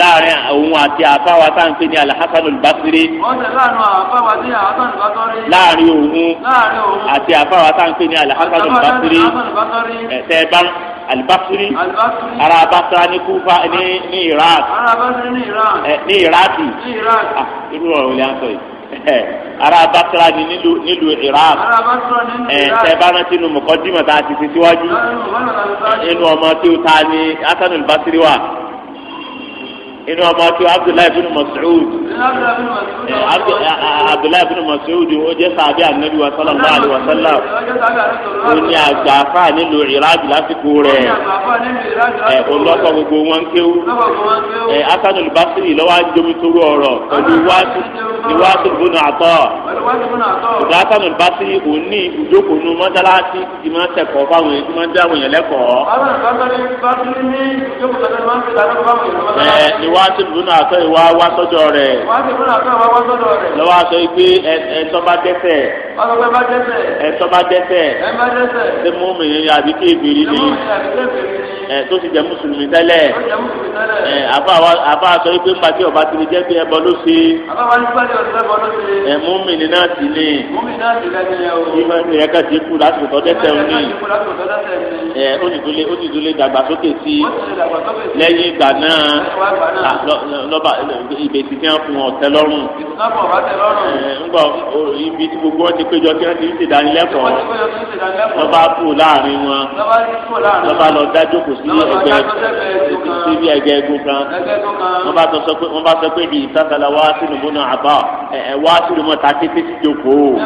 láàrin òun àti àfáwa tá à ń pè ní alhassan olùbásírí. láàrin òun àti àfáwa tá à ń pè ní alhassan olùbásírí. ẹ̀sẹ̀ bá alibasiri ara basira ní kufa ní ní iraq ní iraki ah, irú ọ̀rọ̀ wọlé à ń sọ yìí ara basra ni nílùú iraq tẹ́bára tinú mọ̀kọ́dìmọ̀ tá a ti fi síwájú nínú ọmọ tí o ta ni hasanul basiri wa inú ọmọ tó abdullahi bin masoud eh, abdullahi bin masoud ó jẹ́ sàbí anabi wa sallallahu alayhi wa sallam ó ní àgbàfà nílùú ìrádìí lásìkò rẹ̀ ẹ̀ eh, ọlọ́kọ̀ gbogbo wọn kéwú ẹ̀ eh, asanul basiri lọ́wọ́ àjọmi torú ọ̀rọ̀ pẹ̀lú wáṣí gbóná àtọ́ ọ̀gá sanu basi òní ìjókòó nu mọ́sálásí ti máa tẹ̀kọ́ fáwọn èèyàn tí máa ń dá àwọn èèyàn lẹ́kọ̀ọ́. ẹ ìwà tí bùnú àtọ́ ìwà wá sọ́dọ̀ rẹ̀. lọ́wọ́ aṣọ ìgbé ẹ̀tọ́ bá dẹ́ṣẹ̀. ẹ̀tọ́ bá dẹ́ṣẹ̀. ṣé mú mi àbí kí ẹ tó ti jẹ́ mùsùlùmí tẹ́lẹ̀. ẹ àbá aṣọ ìgbé pàtí ọba ti ní jẹ́ bí ẹbọ ló ṣe. ẹ mú ní náà sì ni. mọ́mí náà sì lẹ́nu yẹn o. ìmọ̀ ní ẹ̀ka ti kú lásìkò tó dẹ́sẹ̀ ń ní. ẹ ó sì tún lé ó sì tún lé dàgbàsókè sí i. lẹ́yìn ìgbà náà lọ́ba ìbèsí tí wọ́n fún ọ̀tẹ́ lọ́rùn. ńgbọ́ ibi tí gbogbo wọn ti péjọ kí wọ́n ti ń ṣèdánilẹ́kọ̀ọ́. lọ́ba kú láàrin wọn. lọ́ba lọ dájókòó sí ẹgbẹ́ ẹgbẹ́ ti jókòó.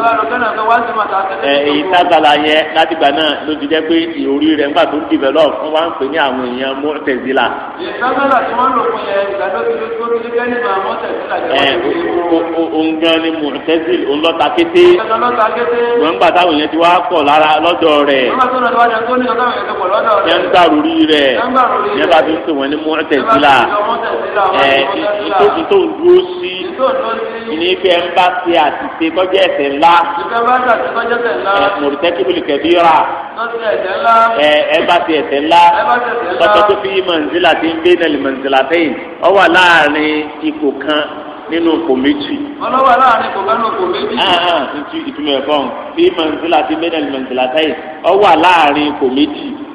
èyí tágàlà yẹn látìgbà náà ló ti jẹ́ pé ìròrí rẹ̀ nígbà tó ń develop fún wa ń pè ní àwọn èèyàn mọ́tẹ̀sílà. ìtagbàlà tí wọ́n lò fún yẹn ìgbàlódé ló tó ti gẹ́ nípa mọ́tẹ̀sílà ongan ni mọtẹsil ọlọta kété gbọǹgbà táwọn yẹn ti wá pọ̀ lára lọ́dọ̀ rẹ̀ yẹn ń gbà lórí rẹ̀ yẹn bá fi ń pè wọn ní mọtẹsila ẹ ìtòkùtò dúró ní bẹ ń bá ṣe àtìsẹ ṣe tọ́jú ẹ̀ṣẹ̀ ńlá. ìjọba ń ṣàṣe tọ́jú ẹ̀ṣẹ̀ ńlá. ẹ mọ̀rùtẹ́kì bìlì tọ́jú ẹ̀ṣẹ̀ ńlá. ẹ ẹ ti ẹ̀ṣẹ̀ ńlá. ẹ ti ẹ̀ṣẹ̀ ńlá. tọ́tọ́ tó fi mọ̀nzílà ti ń gbé nẹ́lì mọ̀nzílà tẹ́yìn ọ wà láàrin ipò kan nínú ipò méjì. ọlọ́wà láàrin kò kánú ipò méjì. Ah, ah, ah, ìtumọ̀ ẹ̀kọ́ fi mọ̀nzílà ti gbé nẹ́lì mọ̀nzílà tẹ́yìn ọ wà láàrin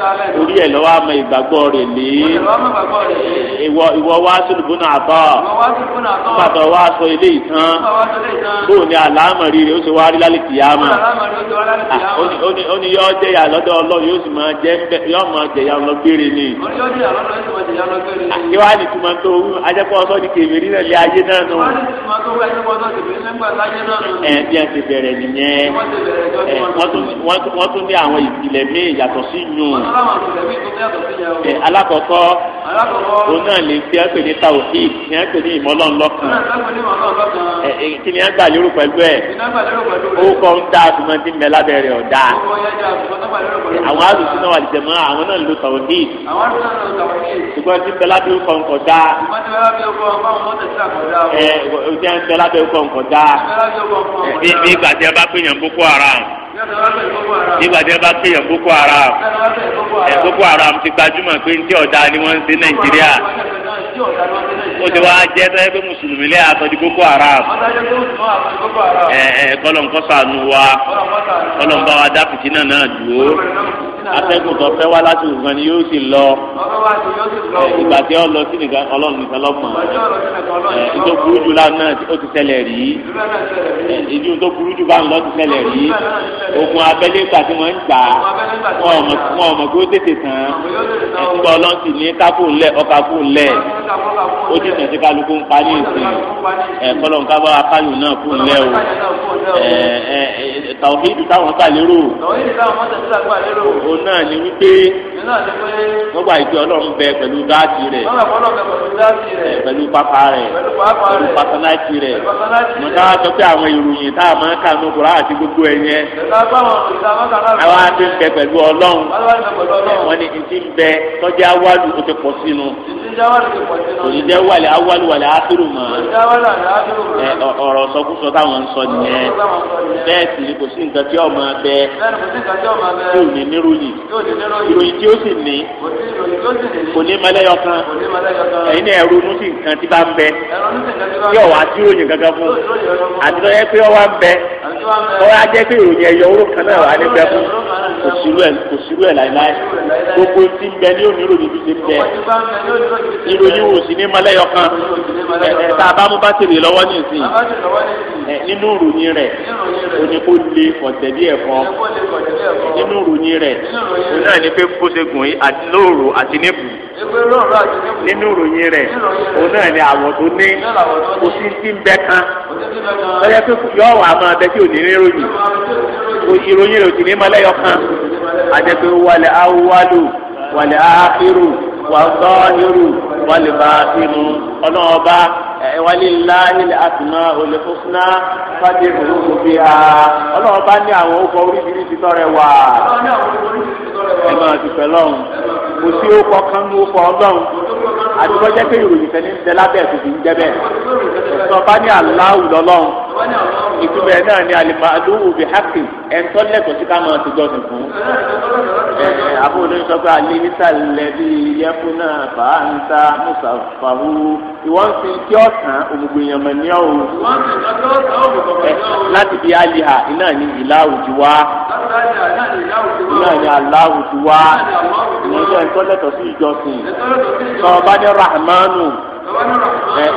torí ẹ̀ lọ́wọ́ àmọ́ ìgbàgbọ́ rẹ̀ lé ìwọ ìwọ wá sùlùbùnà àbọ̀ pàtó wá sọ ilé ìtàn bóun ni àlámọ̀rí rẹ̀ ó ti wá rí lálẹ́ kìyàmà ó ní yọ jẹ́ yà lọ́dọ̀ ọlọ́run yóò sì máa jẹ́ yọ máa jẹ́ yà lọ gbére ni. kí wàá ní tuma tó ajẹ́pọ̀ ni kèmérì náà lé ayé náà nù. ẹ̀ ti bẹ̀rẹ̀ nìyẹn wọ́n tún ní àwọn ìpìlẹ̀ míì yàtọ̀ sí yùn ẹ alákọ̀ọ́kọ́ òun náà lè fi ẹ́ pè ní tawhid ní ẹ́ pè ní ìmọ̀lọ́n lọ́kàn ẹ kí ni ẹ gbà lérò pẹ̀lú ẹ̀ orúkọ ń dá àtúmọ̀ tí ń bẹ lábẹ́ rẹ̀ ọ̀dá àwọn àlùsí náà wà lè jẹ̀mọ́ àwọn náà lò tawhid ṣùgbọ́n tí ń bẹ lábẹ́ orúkọ ń kọ̀ dá ẹ ẹ tí ń bẹ lábẹ́ orúkọ ń kọ̀ dá bí ìgbà bá pè yàn Boko Haram nígbà tí ẹ bá pè yàn Boko Haram ẹ Boko Haram ti gbajúmọ̀ pé ní tí ọ̀dà ni wọ́n ń ṣe Nàìjíríà ó ti wá jẹ́ tẹ́ pé mùsùlùmí lẹ́yìn àtọ́ di Boko Haram ẹ ẹ kọ́lọ̀ ń kọ́ sànù wa kọ́lọ̀ ń bá wa dá fìtínà náà dúró atẹ́gùn tó fẹ́ wá láti ògùn ni yóò sì lọ ìgbà tí ó lọ sí nìkan ọlọ́run nìkan lọ́kàn ìjọ burú jù lánàá ó ti ṣẹlẹ̀ rí ìdí tó burú jù bá ń lọ ti ṣẹlẹ̀ rí ogun abẹ́lé gbà tí wọ́n ń gbà wọn ò mọ̀ pé ó tètè tán ìgbà ọlọ́run sì ní káfó ńlẹ̀ ọkà fó ńlẹ̀ ó ti tẹ̀sí kálukú ń parí ìsìn ẹ̀kọ́lọ́ nǹkan bá akáyùn náà fó ńlẹ̀ o tàwọn fíìdù táwọn kà lérò òun náà ni wípé wọ́n gbà ìgbé ọlọ́run bẹ pẹ̀lú dáàtì rẹ̀ pẹ̀lú pápá rẹ̀ pẹ̀lú pátánáìtì rẹ̀ mo ká sọ pé àwọn ìròyìn tá a máa ń kà ní okòrò àti gbogbo ẹ̀ yẹn àwa ti ń bẹ pẹ̀lú ọlọ́run wọ́n ní ti ń bẹ tọ́jú awálù tó ti pọ̀ sínú òyìnbẹ́ wàlẹ̀ awálù wàlẹ̀ áfírù mọ́ ọ̀rọ̀ sọkúsọ táwọn ń sọ nìyẹn bẹ́ẹ̀ sì ni kò sí nǹkan tí ọ̀ máa bẹ tí ò ní nírú ìròyìn ìròyìn tí ó sì ní kò ní mẹlẹ́yọ kan ẹ̀yin náà ẹ̀rọ onú nǹkan tí bá ń bẹ yóò wá sí ìròyìn gangan fún àti pé ọ ń bẹ ọ̀rọ̀ ajẹ́ pé ìròyìn ẹ̀yọ oró kan náà wà nígbà fún kò sírú ẹ̀ láìláì gbogbo tí ń bẹ ní oníròyìn bí ti bẹ ìròyìn wò sí ní mọ́lẹ́yọ kan tá a bá mú bátìrì lọ́wọ́ nísìnyí nínú ìròyìn rẹ̀ o ní kó bí ẹ̀fọ́ nínú ìròyìn rẹ̀ o náà ní pé kó ṣe gùn àti lóòrò àti níbù. nínú ìròyìn rẹ òun náà ni àwọ̀ tó ní kò sí ti ń bẹ kan lọ́yẹ́ pé yọ wà máa bẹ tí ò ní ní ìròyìn rẹ̀ ò ní máa lẹ́yọ àjẹpẹ́ wàlẹ̀ awúwálò wàlẹ̀ áhàkírù wàtọ́hírù wàlẹ̀ ọlọ́ọ̀bá. walillahi al-asmaul husna fad'uhu biha ọlọ́run bá ní àwọn orúkọ oríṣiríṣi tọrẹ wà ẹ máa ti pẹ̀ lọ́hùn kò sí orúkọ kan ní orúkọ ọlọ́run àti wọ́n jẹ́ pé ìròyìn fẹ́ ní bẹ lábẹ́ ẹ̀sùn ti ń jẹ́ bẹ́ẹ̀ bá ní aláwù lọ́lọ́run ìtumọ̀ ẹ̀ náà ni àlìmọ́ àdúgbò bíi hakim ẹ̀ńtọ́ lẹ́tọ̀ọ́ sí ká máa ti gbọ́dọ̀ fún àbúrò sọ pé alẹ́ níta lẹ́bí yẹ́fúnà fàáńtà mùsàfàwù ìwọ́n ti kí ọ́ ọ̀tàn òmùgbìyànmọ̀níà o. láti bí aliha iná ní ìlà òjì wá. iná ní àlá òjì wá. ìyẹn ní ẹ̀tọ́ lẹ́tọ̀ sí ìjọsìn. sọ ọba ní rahmanu.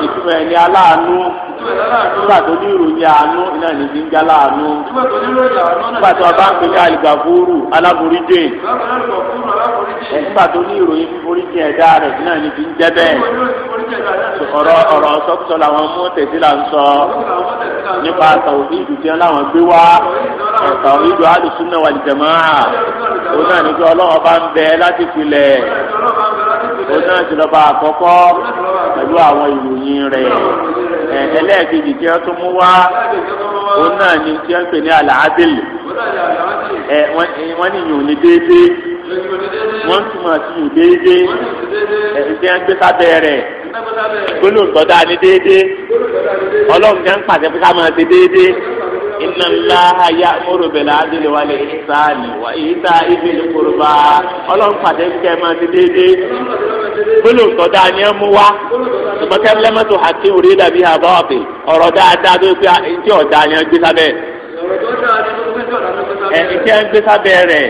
ìtumọ̀ ẹ̀ ní aláàánú nígbà tó ní ìròyìn àánú iná ní ti ń já láàánú nígbà tó a bá ń pè ní alìgbàfóró aláforíjì nígbà tó ní ìròyìn fíforíjì ẹ̀dá rẹ̀ iná ní ti ń jẹ́ bẹ́ẹ̀ ọ̀rọ̀ ọ̀rọ̀ sọ́kùsọ làwọn mú tẹ̀sí là ń sọ nípa tàwùjì ìdùtí láwọn gbé wá tàwùjì ìdù alùsùnà wal jamaa òun náà ní kí ọlọ́wọ́ bá ń bẹ láti filẹ̀ òun náà ti lọ́ba àkọ́kọ́ pẹ̀lú àwọn ìròyìn rẹ̀ ẹ̀ ẹlẹ́ẹ̀kejì tí wọ́n tún mú wá òun náà ni tí wọ́n pè ní àlàádìlì ẹ wọ́n ní yòó ní déédéé wọ́n túmọ̀ sí yòó déédéé ẹ tí wọ́n gbé sábẹ́ rẹ̀ gbólóǹtọ́ dáa ní déédéé ọlọ́run jẹ́ ń pàṣẹ pé ká máa ṣe déédéé inna Allaha ya'muru bil adli wal ihsani wa ita'i dhil qurba ọlọ́run pàdé kẹ́ ẹ máa ti déédéé gbólóhùn tó dáa ni ẹ mú wá ṣùgbọ́n kẹ́ lẹ́mọ́tò àti òrí dàbí àbá ọ̀bẹ ọ̀rọ̀ dáadáa tó gbé tí ọ̀dà ni ẹ gbé sábẹ́ ẹ̀ iṣẹ́ ń gbé sábẹ́ rẹ̀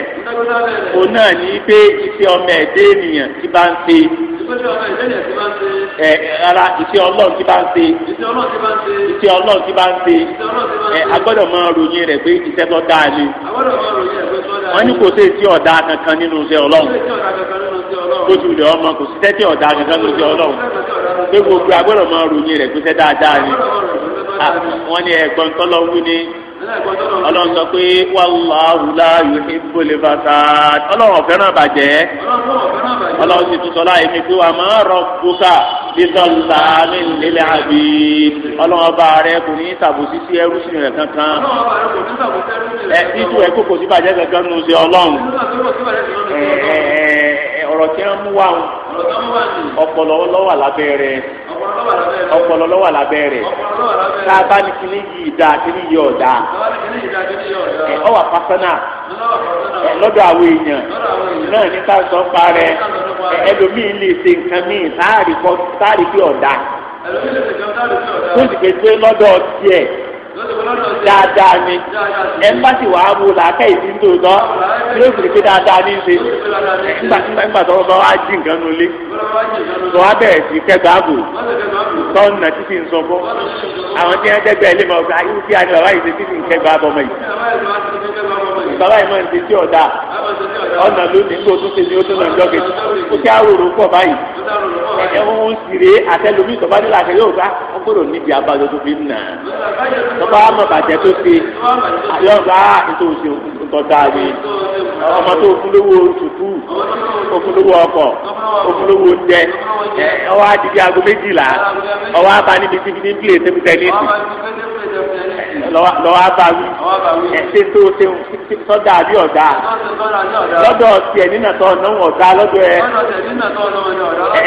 òun náà ní pé iṣẹ́ ọmọ ẹ̀dẹ́ ènìyàn ti bá ń ṣe ẹ ara ìṣe ọlọ́run ti bá ń ṣe ìṣe ọlọ́run ti bá ń ṣe ẹ agbọ́dọ̀ máa ròyìn rẹ̀ pé iṣẹ́ tó dáa ni wọ́n ní kò sí èsì ọ̀dà kankan nínú iṣẹ́ ọlọ́run kó tù lè ọmọ kò sí tẹ́tí ọ̀dà kankan nínú iṣẹ́ ọlọ́run pé gbogbo agbọ́dọ̀ máa ròyìn rẹ̀ pé iṣẹ́ dáadáa ni wọ́n ní ẹ̀gbọ́n tọ́lọ́wú ni ọlọ́run sọ pé wallahu la yuhibbul fasad ọlọ́run ọ̀fẹ́ràn bàjẹ́ ọlọ́run sì tún sọ láì mi pé wa ma rabbuka bizallamin lil abid ọlọ́run ọba rẹ kò ní tàbùsí sí ẹrú sí rẹ kankan ẹ títú ẹ kókò sí bàjẹ́ kankan nù sí ọlọ́run ọ̀rọ̀ tí wọ́n mú wá ọpọlọ lọ́wọ́ lábẹ́ rẹ̀. ọpọlọ lọ́wọ́ lábẹ́ ní kíní kíní ọwà pásánà àwọn èèyàn náà ní ẹlòmíì lè ṣe nǹkan míì sáàrì dáadáa ni ẹnbàtì wàá mú làákà ìdí ń tòótọ́ yóò sì pé dáadáa ní ṣe nígbà tó bá wá jí nǹkan nu lé tó wá bẹ̀rẹ̀ sí kẹgbàá bò tọ́nà títí ń sọ fún àwọn tí wọ́n dẹ́gbẹ́ ilé ma ọ̀gá ayélujára kí á ní bàbá yìí ṣe títí ń kẹgbàá bọ́mọ yìí bàbá yìí máa ń ṣe tí ọ̀dà ọ̀nà lónìí tó tún ṣe ní oṣù náà jọ́gẹ̀ ó kí á rorò pọ̀ báyìí ẹ̀wọ̀n ń sì rèé àtẹlómi ìtọ́bádìlà àtẹlómi ìtọ́bá ọgbọ́dọ̀ níbi abájọ tó fi ń nà á bá wà mọ̀ bàjẹ́ tó ṣe àyọ̀ bá ètò ìtọ́jà rẹ̀ ọmọ tó fúnlówó tutù òfúnlówó ọkọ̀ òfúnlówó oúnjẹ ọwọ́ àdìgbé aago méjìlá ọwọ́ abá níbi tí fi ní bílẹ̀ tẹ́bítẹ́lẹ́sì lọ́wọ́ abawí ẹ̀sẹ̀ tó ṣe sọ́dà àbí ọ̀dà lọ́dọ̀ ti ẹ̀ nínà tó ọ̀nà ọ̀dà lọ́dọ̀ ẹ̀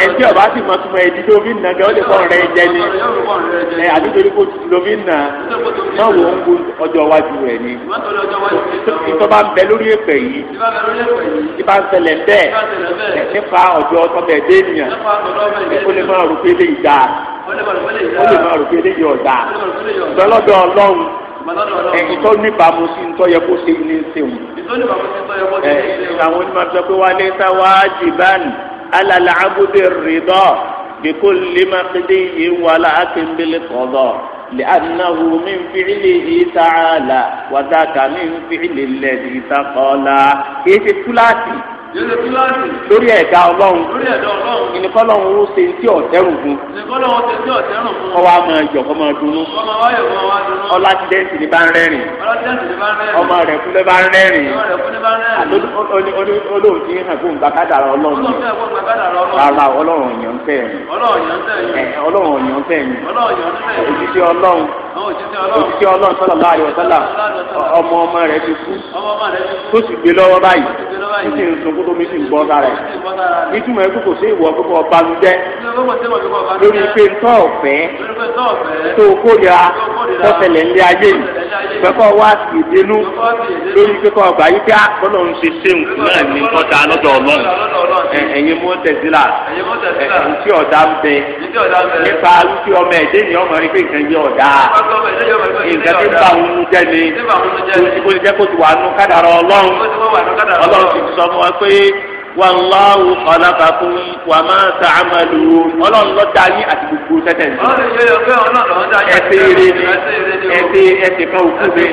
ẹ̀sẹ̀ ọ̀bá sì mọ̀ tuma ẹ̀dí tó fi nà gẹ́gẹ́ kọ́ rẹ̀ jẹ ni ẹ̀ àdúgbò kò ló fi nà náà wò ń gbó ọjọ́ iwájú rẹ̀ ni ìtọ́ bá ń bẹ lórí ẹ̀pẹ̀ yìí tí bá ń ṣẹlẹ̀ bẹ́ẹ̀ nípa ọjọ́ ọtọ́ dé ó lè máa rò pé eléyìí ọ̀dà lọ́lọ́dọ̀ ọlọ́run ẹ̀yìn tó níbàámu sí ń tọ́yẹ kó ṣe ní ṣeun. àwọn onímọ̀ sọ pé wálé sáwájibán alàlà abúdé rìdọ́ bíkó lèmà kéde yìí wàlà ákéńbélé kọ̀dọ̀ lẹ́ànáwó mi ń fi ilé yìí tààlà wàdàkà mi ń fi ilé lẹ́ẹ̀dì tàkọ́lá kì í ṣe lórí ẹ̀dá ọlọ́run ìnìkọ́ lọ́run ó ṣe tí ọ̀tẹ́rùn fún ọwọ́ àmọ́ ẹ̀jọ̀ ọmọ ọdúnú ọlá ti dẹ́sì ní bá ń rẹ́rìn ọmọ rẹ̀ kú lẹ́ bá ń rẹ́rìn olóhùn ti hàn fún gbàgádà ọlọ́run rárá ọlọ́run ọ̀yàn tẹ̀ ọlọ́run ọ̀yàn tẹ̀ òjijì ọlọ́run òjijì ọlọ́run sọ́lá láàyè ọ̀sọ́lá ọmọ ọmọ rẹ̀ ti kú tó sì gbé lọ́wọ́ báyìí tó sì ń sun tó tómi sì ń bọ́ sára ẹ̀ ìtumọ̀ ẹ̀ kókò sí ìwọ kókò ọba ló jẹ́ lórí pé ntọ́ ọ̀fẹ́ tó kóya tọ́tẹ̀lẹ̀ ńlẹ̀ ayé yìí pẹ́kọ́ wá sí ìdénú lórí pé kọ́ ọgbà yìí pé àkọ́lọ́ ah, ń ṣe ṣéun náà ní kọ́ta lọ́dọ̀ ọlọ́run ẹ̀yin mú tẹ̀sílà ẹ̀yin tí ọ̀dà ń bẹ nípa wípé ọmọ ẹ̀dẹ́ ni ọmọ rí pé nǹkan yẹ ọ̀dà nǹkan tí ń bá òun jẹ́ ni kó ti jẹ́ kó ti wà nù kádàrọ̀ ọlọ́run ọlọ́run ti sọ fún wa pé হয়ে wàláwù kọlákàkùn wà máa ta àmàlù ọlọ́run ló dá yín àti gbogbo tẹ́tẹ̀ ní. ẹsẹ̀ eré ni ẹsẹ̀ ẹsẹ̀ kan òkú mi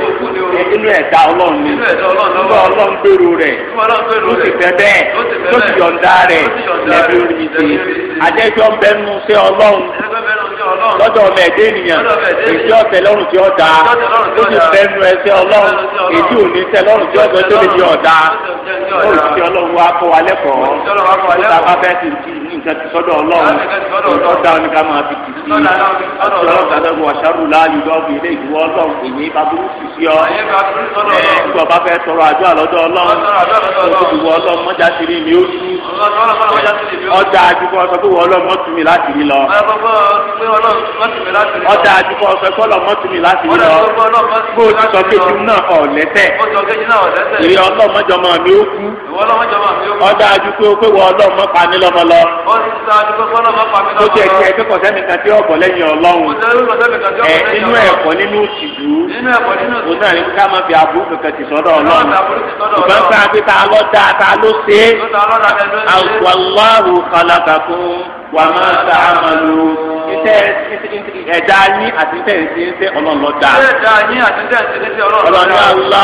inú ẹ̀dá ọlọ́run ni nígbà ọlọ́run gbèrò rẹ̀ ó sì fẹ́ bẹ́ẹ̀ tó sì yọ̀ǹda rẹ̀ lẹ́bí orí ti àjẹjọ́ bẹ́nu sí ọlọ́run lọ́dọ̀ ọmọ ẹ̀dẹ́ ènìyàn èyí ọ̀tẹ̀ lọ́rùn tí ó da ó sì bẹ́nu ẹsẹ̀ ọlọ́run èyí ò ní sẹ́ lọ́rùn tí ọ̀tẹ̀ tó lè di ọ̀dà ó sì ọlọ́run wá kó wa ẹ̀kọ́ ìtàbá fẹ́ ti ti ní nǹkan ti sọ́dọ̀ ọlọ́run ìtọ́jà ni ká máa fi kìí sí ọlọ́run tàbí ẹ̀kọ́ ọ̀ṣàrù láàyè lọ́ọ̀bù ilé ìwọ ọlọ́run kò ní baburú sì sí ọ ẹ̀ ń gbọ́ bá fẹ́ tọrọ àjọ àlọ́dọ̀ ọlọ́run ìwọ ọlọ́run mọ́jà sí ni ó sí ọjà àjùkọ ọsọ pé ọlọ́run mọ́tùmí láti rí lọ ọjà àjùkọ ọsọ pé ọlọ́run mọ́tùmí láti rí lọ bó o ti sọ kéjì náà ọ̀lẹ́tẹ̀ ìrì ọlọ́run mọ́jọ máa mi ó kú ọjà ṣáájú pé ó pé wọ ọlọ́run mọ́pa ní lọ́mọ lọ. ó ti ṣáájú pé wọ́n lọ́mọ pa mí lọ́mọ lọ. ó ti ẹ̀kẹ́ pé kọ̀sẹ́ mi kan tí ó bọ̀ lẹ́yìn ọlọ́run. ẹ inú ẹ̀kọ́ nínú tìjú. inú ẹ̀kọ́ nínú tìjú. òun náà ní ká máa fi àbúrò kankan ti sọ́dọ̀ ọlọ́run. ìbọn sáà pé ta ló dáa ta ló ṣe é. Allahu khalaqakum wa ma ta'malun ẹ̀dá yín àti tẹ̀ ọlọ́run ló dá. ẹ̀dá yín àti tẹ̀ ọlọ́run ló dá.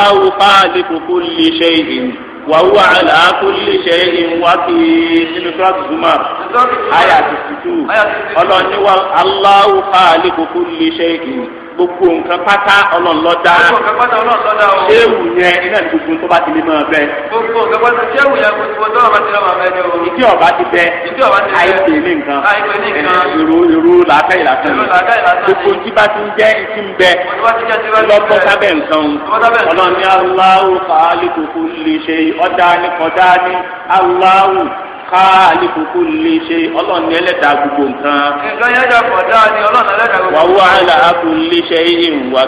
ọlọ́run wa huwa ala kulli shay'in wakil nínú sọ́ọ̀tù zuma àyà 62 ọlọ́ọ̀ni wa Allahu khaliqu kulli shay'in gbogbo nǹkan pátá ọlọ́ọ̀lọ́ dá ṣéwù yẹn iná ìgbogbo tó bá ti lè máa bẹ. gbogbo nǹkan pátá ṣéwù yẹn gbogbo tó bá ti lè máa bẹ ni o. ìdí ọba ti bẹ àìpè ní nǹkan eh, èrò èrò làákà ìlàsàn gbogbo tí bá ti ń jẹ́ ìsìn bẹ lọ́gbọ́ sábẹ́ nǹkan ọlọ́ọ̀ni aláwọ̀ fàálì kòkó lè ṣe ọ̀dà ní kọ̀dá khaliqu kulli shay ọlọ́run ni ẹlẹ́dàá gbogbo nǹkan. nǹkan yẹn dàpọ̀ dáa ni ọlọ́run ẹlẹ́dàá gbogbo nǹkan. wa huwa ala kulli ti gbogbo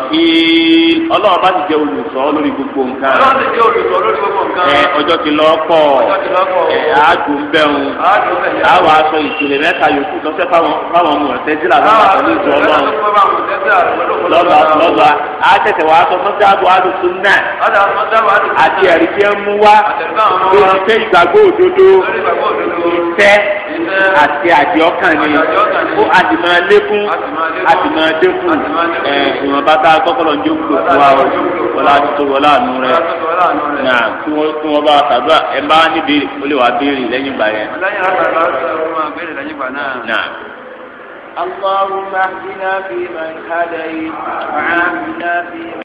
ìfẹ́ àti àdìọ́kàn ni ó àdìmọ̀ lékún àdìmọ̀ dẹ́kun ìwọ̀nba tá a kọ́kọ́ lọ ń jó kúrò wa o wọlé àtúntò wọlé àánú rẹ náà kí wọ́n kí wọ́n bá tàdúrà ẹ bá ní ó lè wá béèrè lẹ́yìn ìgbà yẹn. lẹ́yìn àtàlà ó máa béèrè lẹ́yìn ìgbà náà. اللهم اهدنا فيمن هديت وعافنا فيمن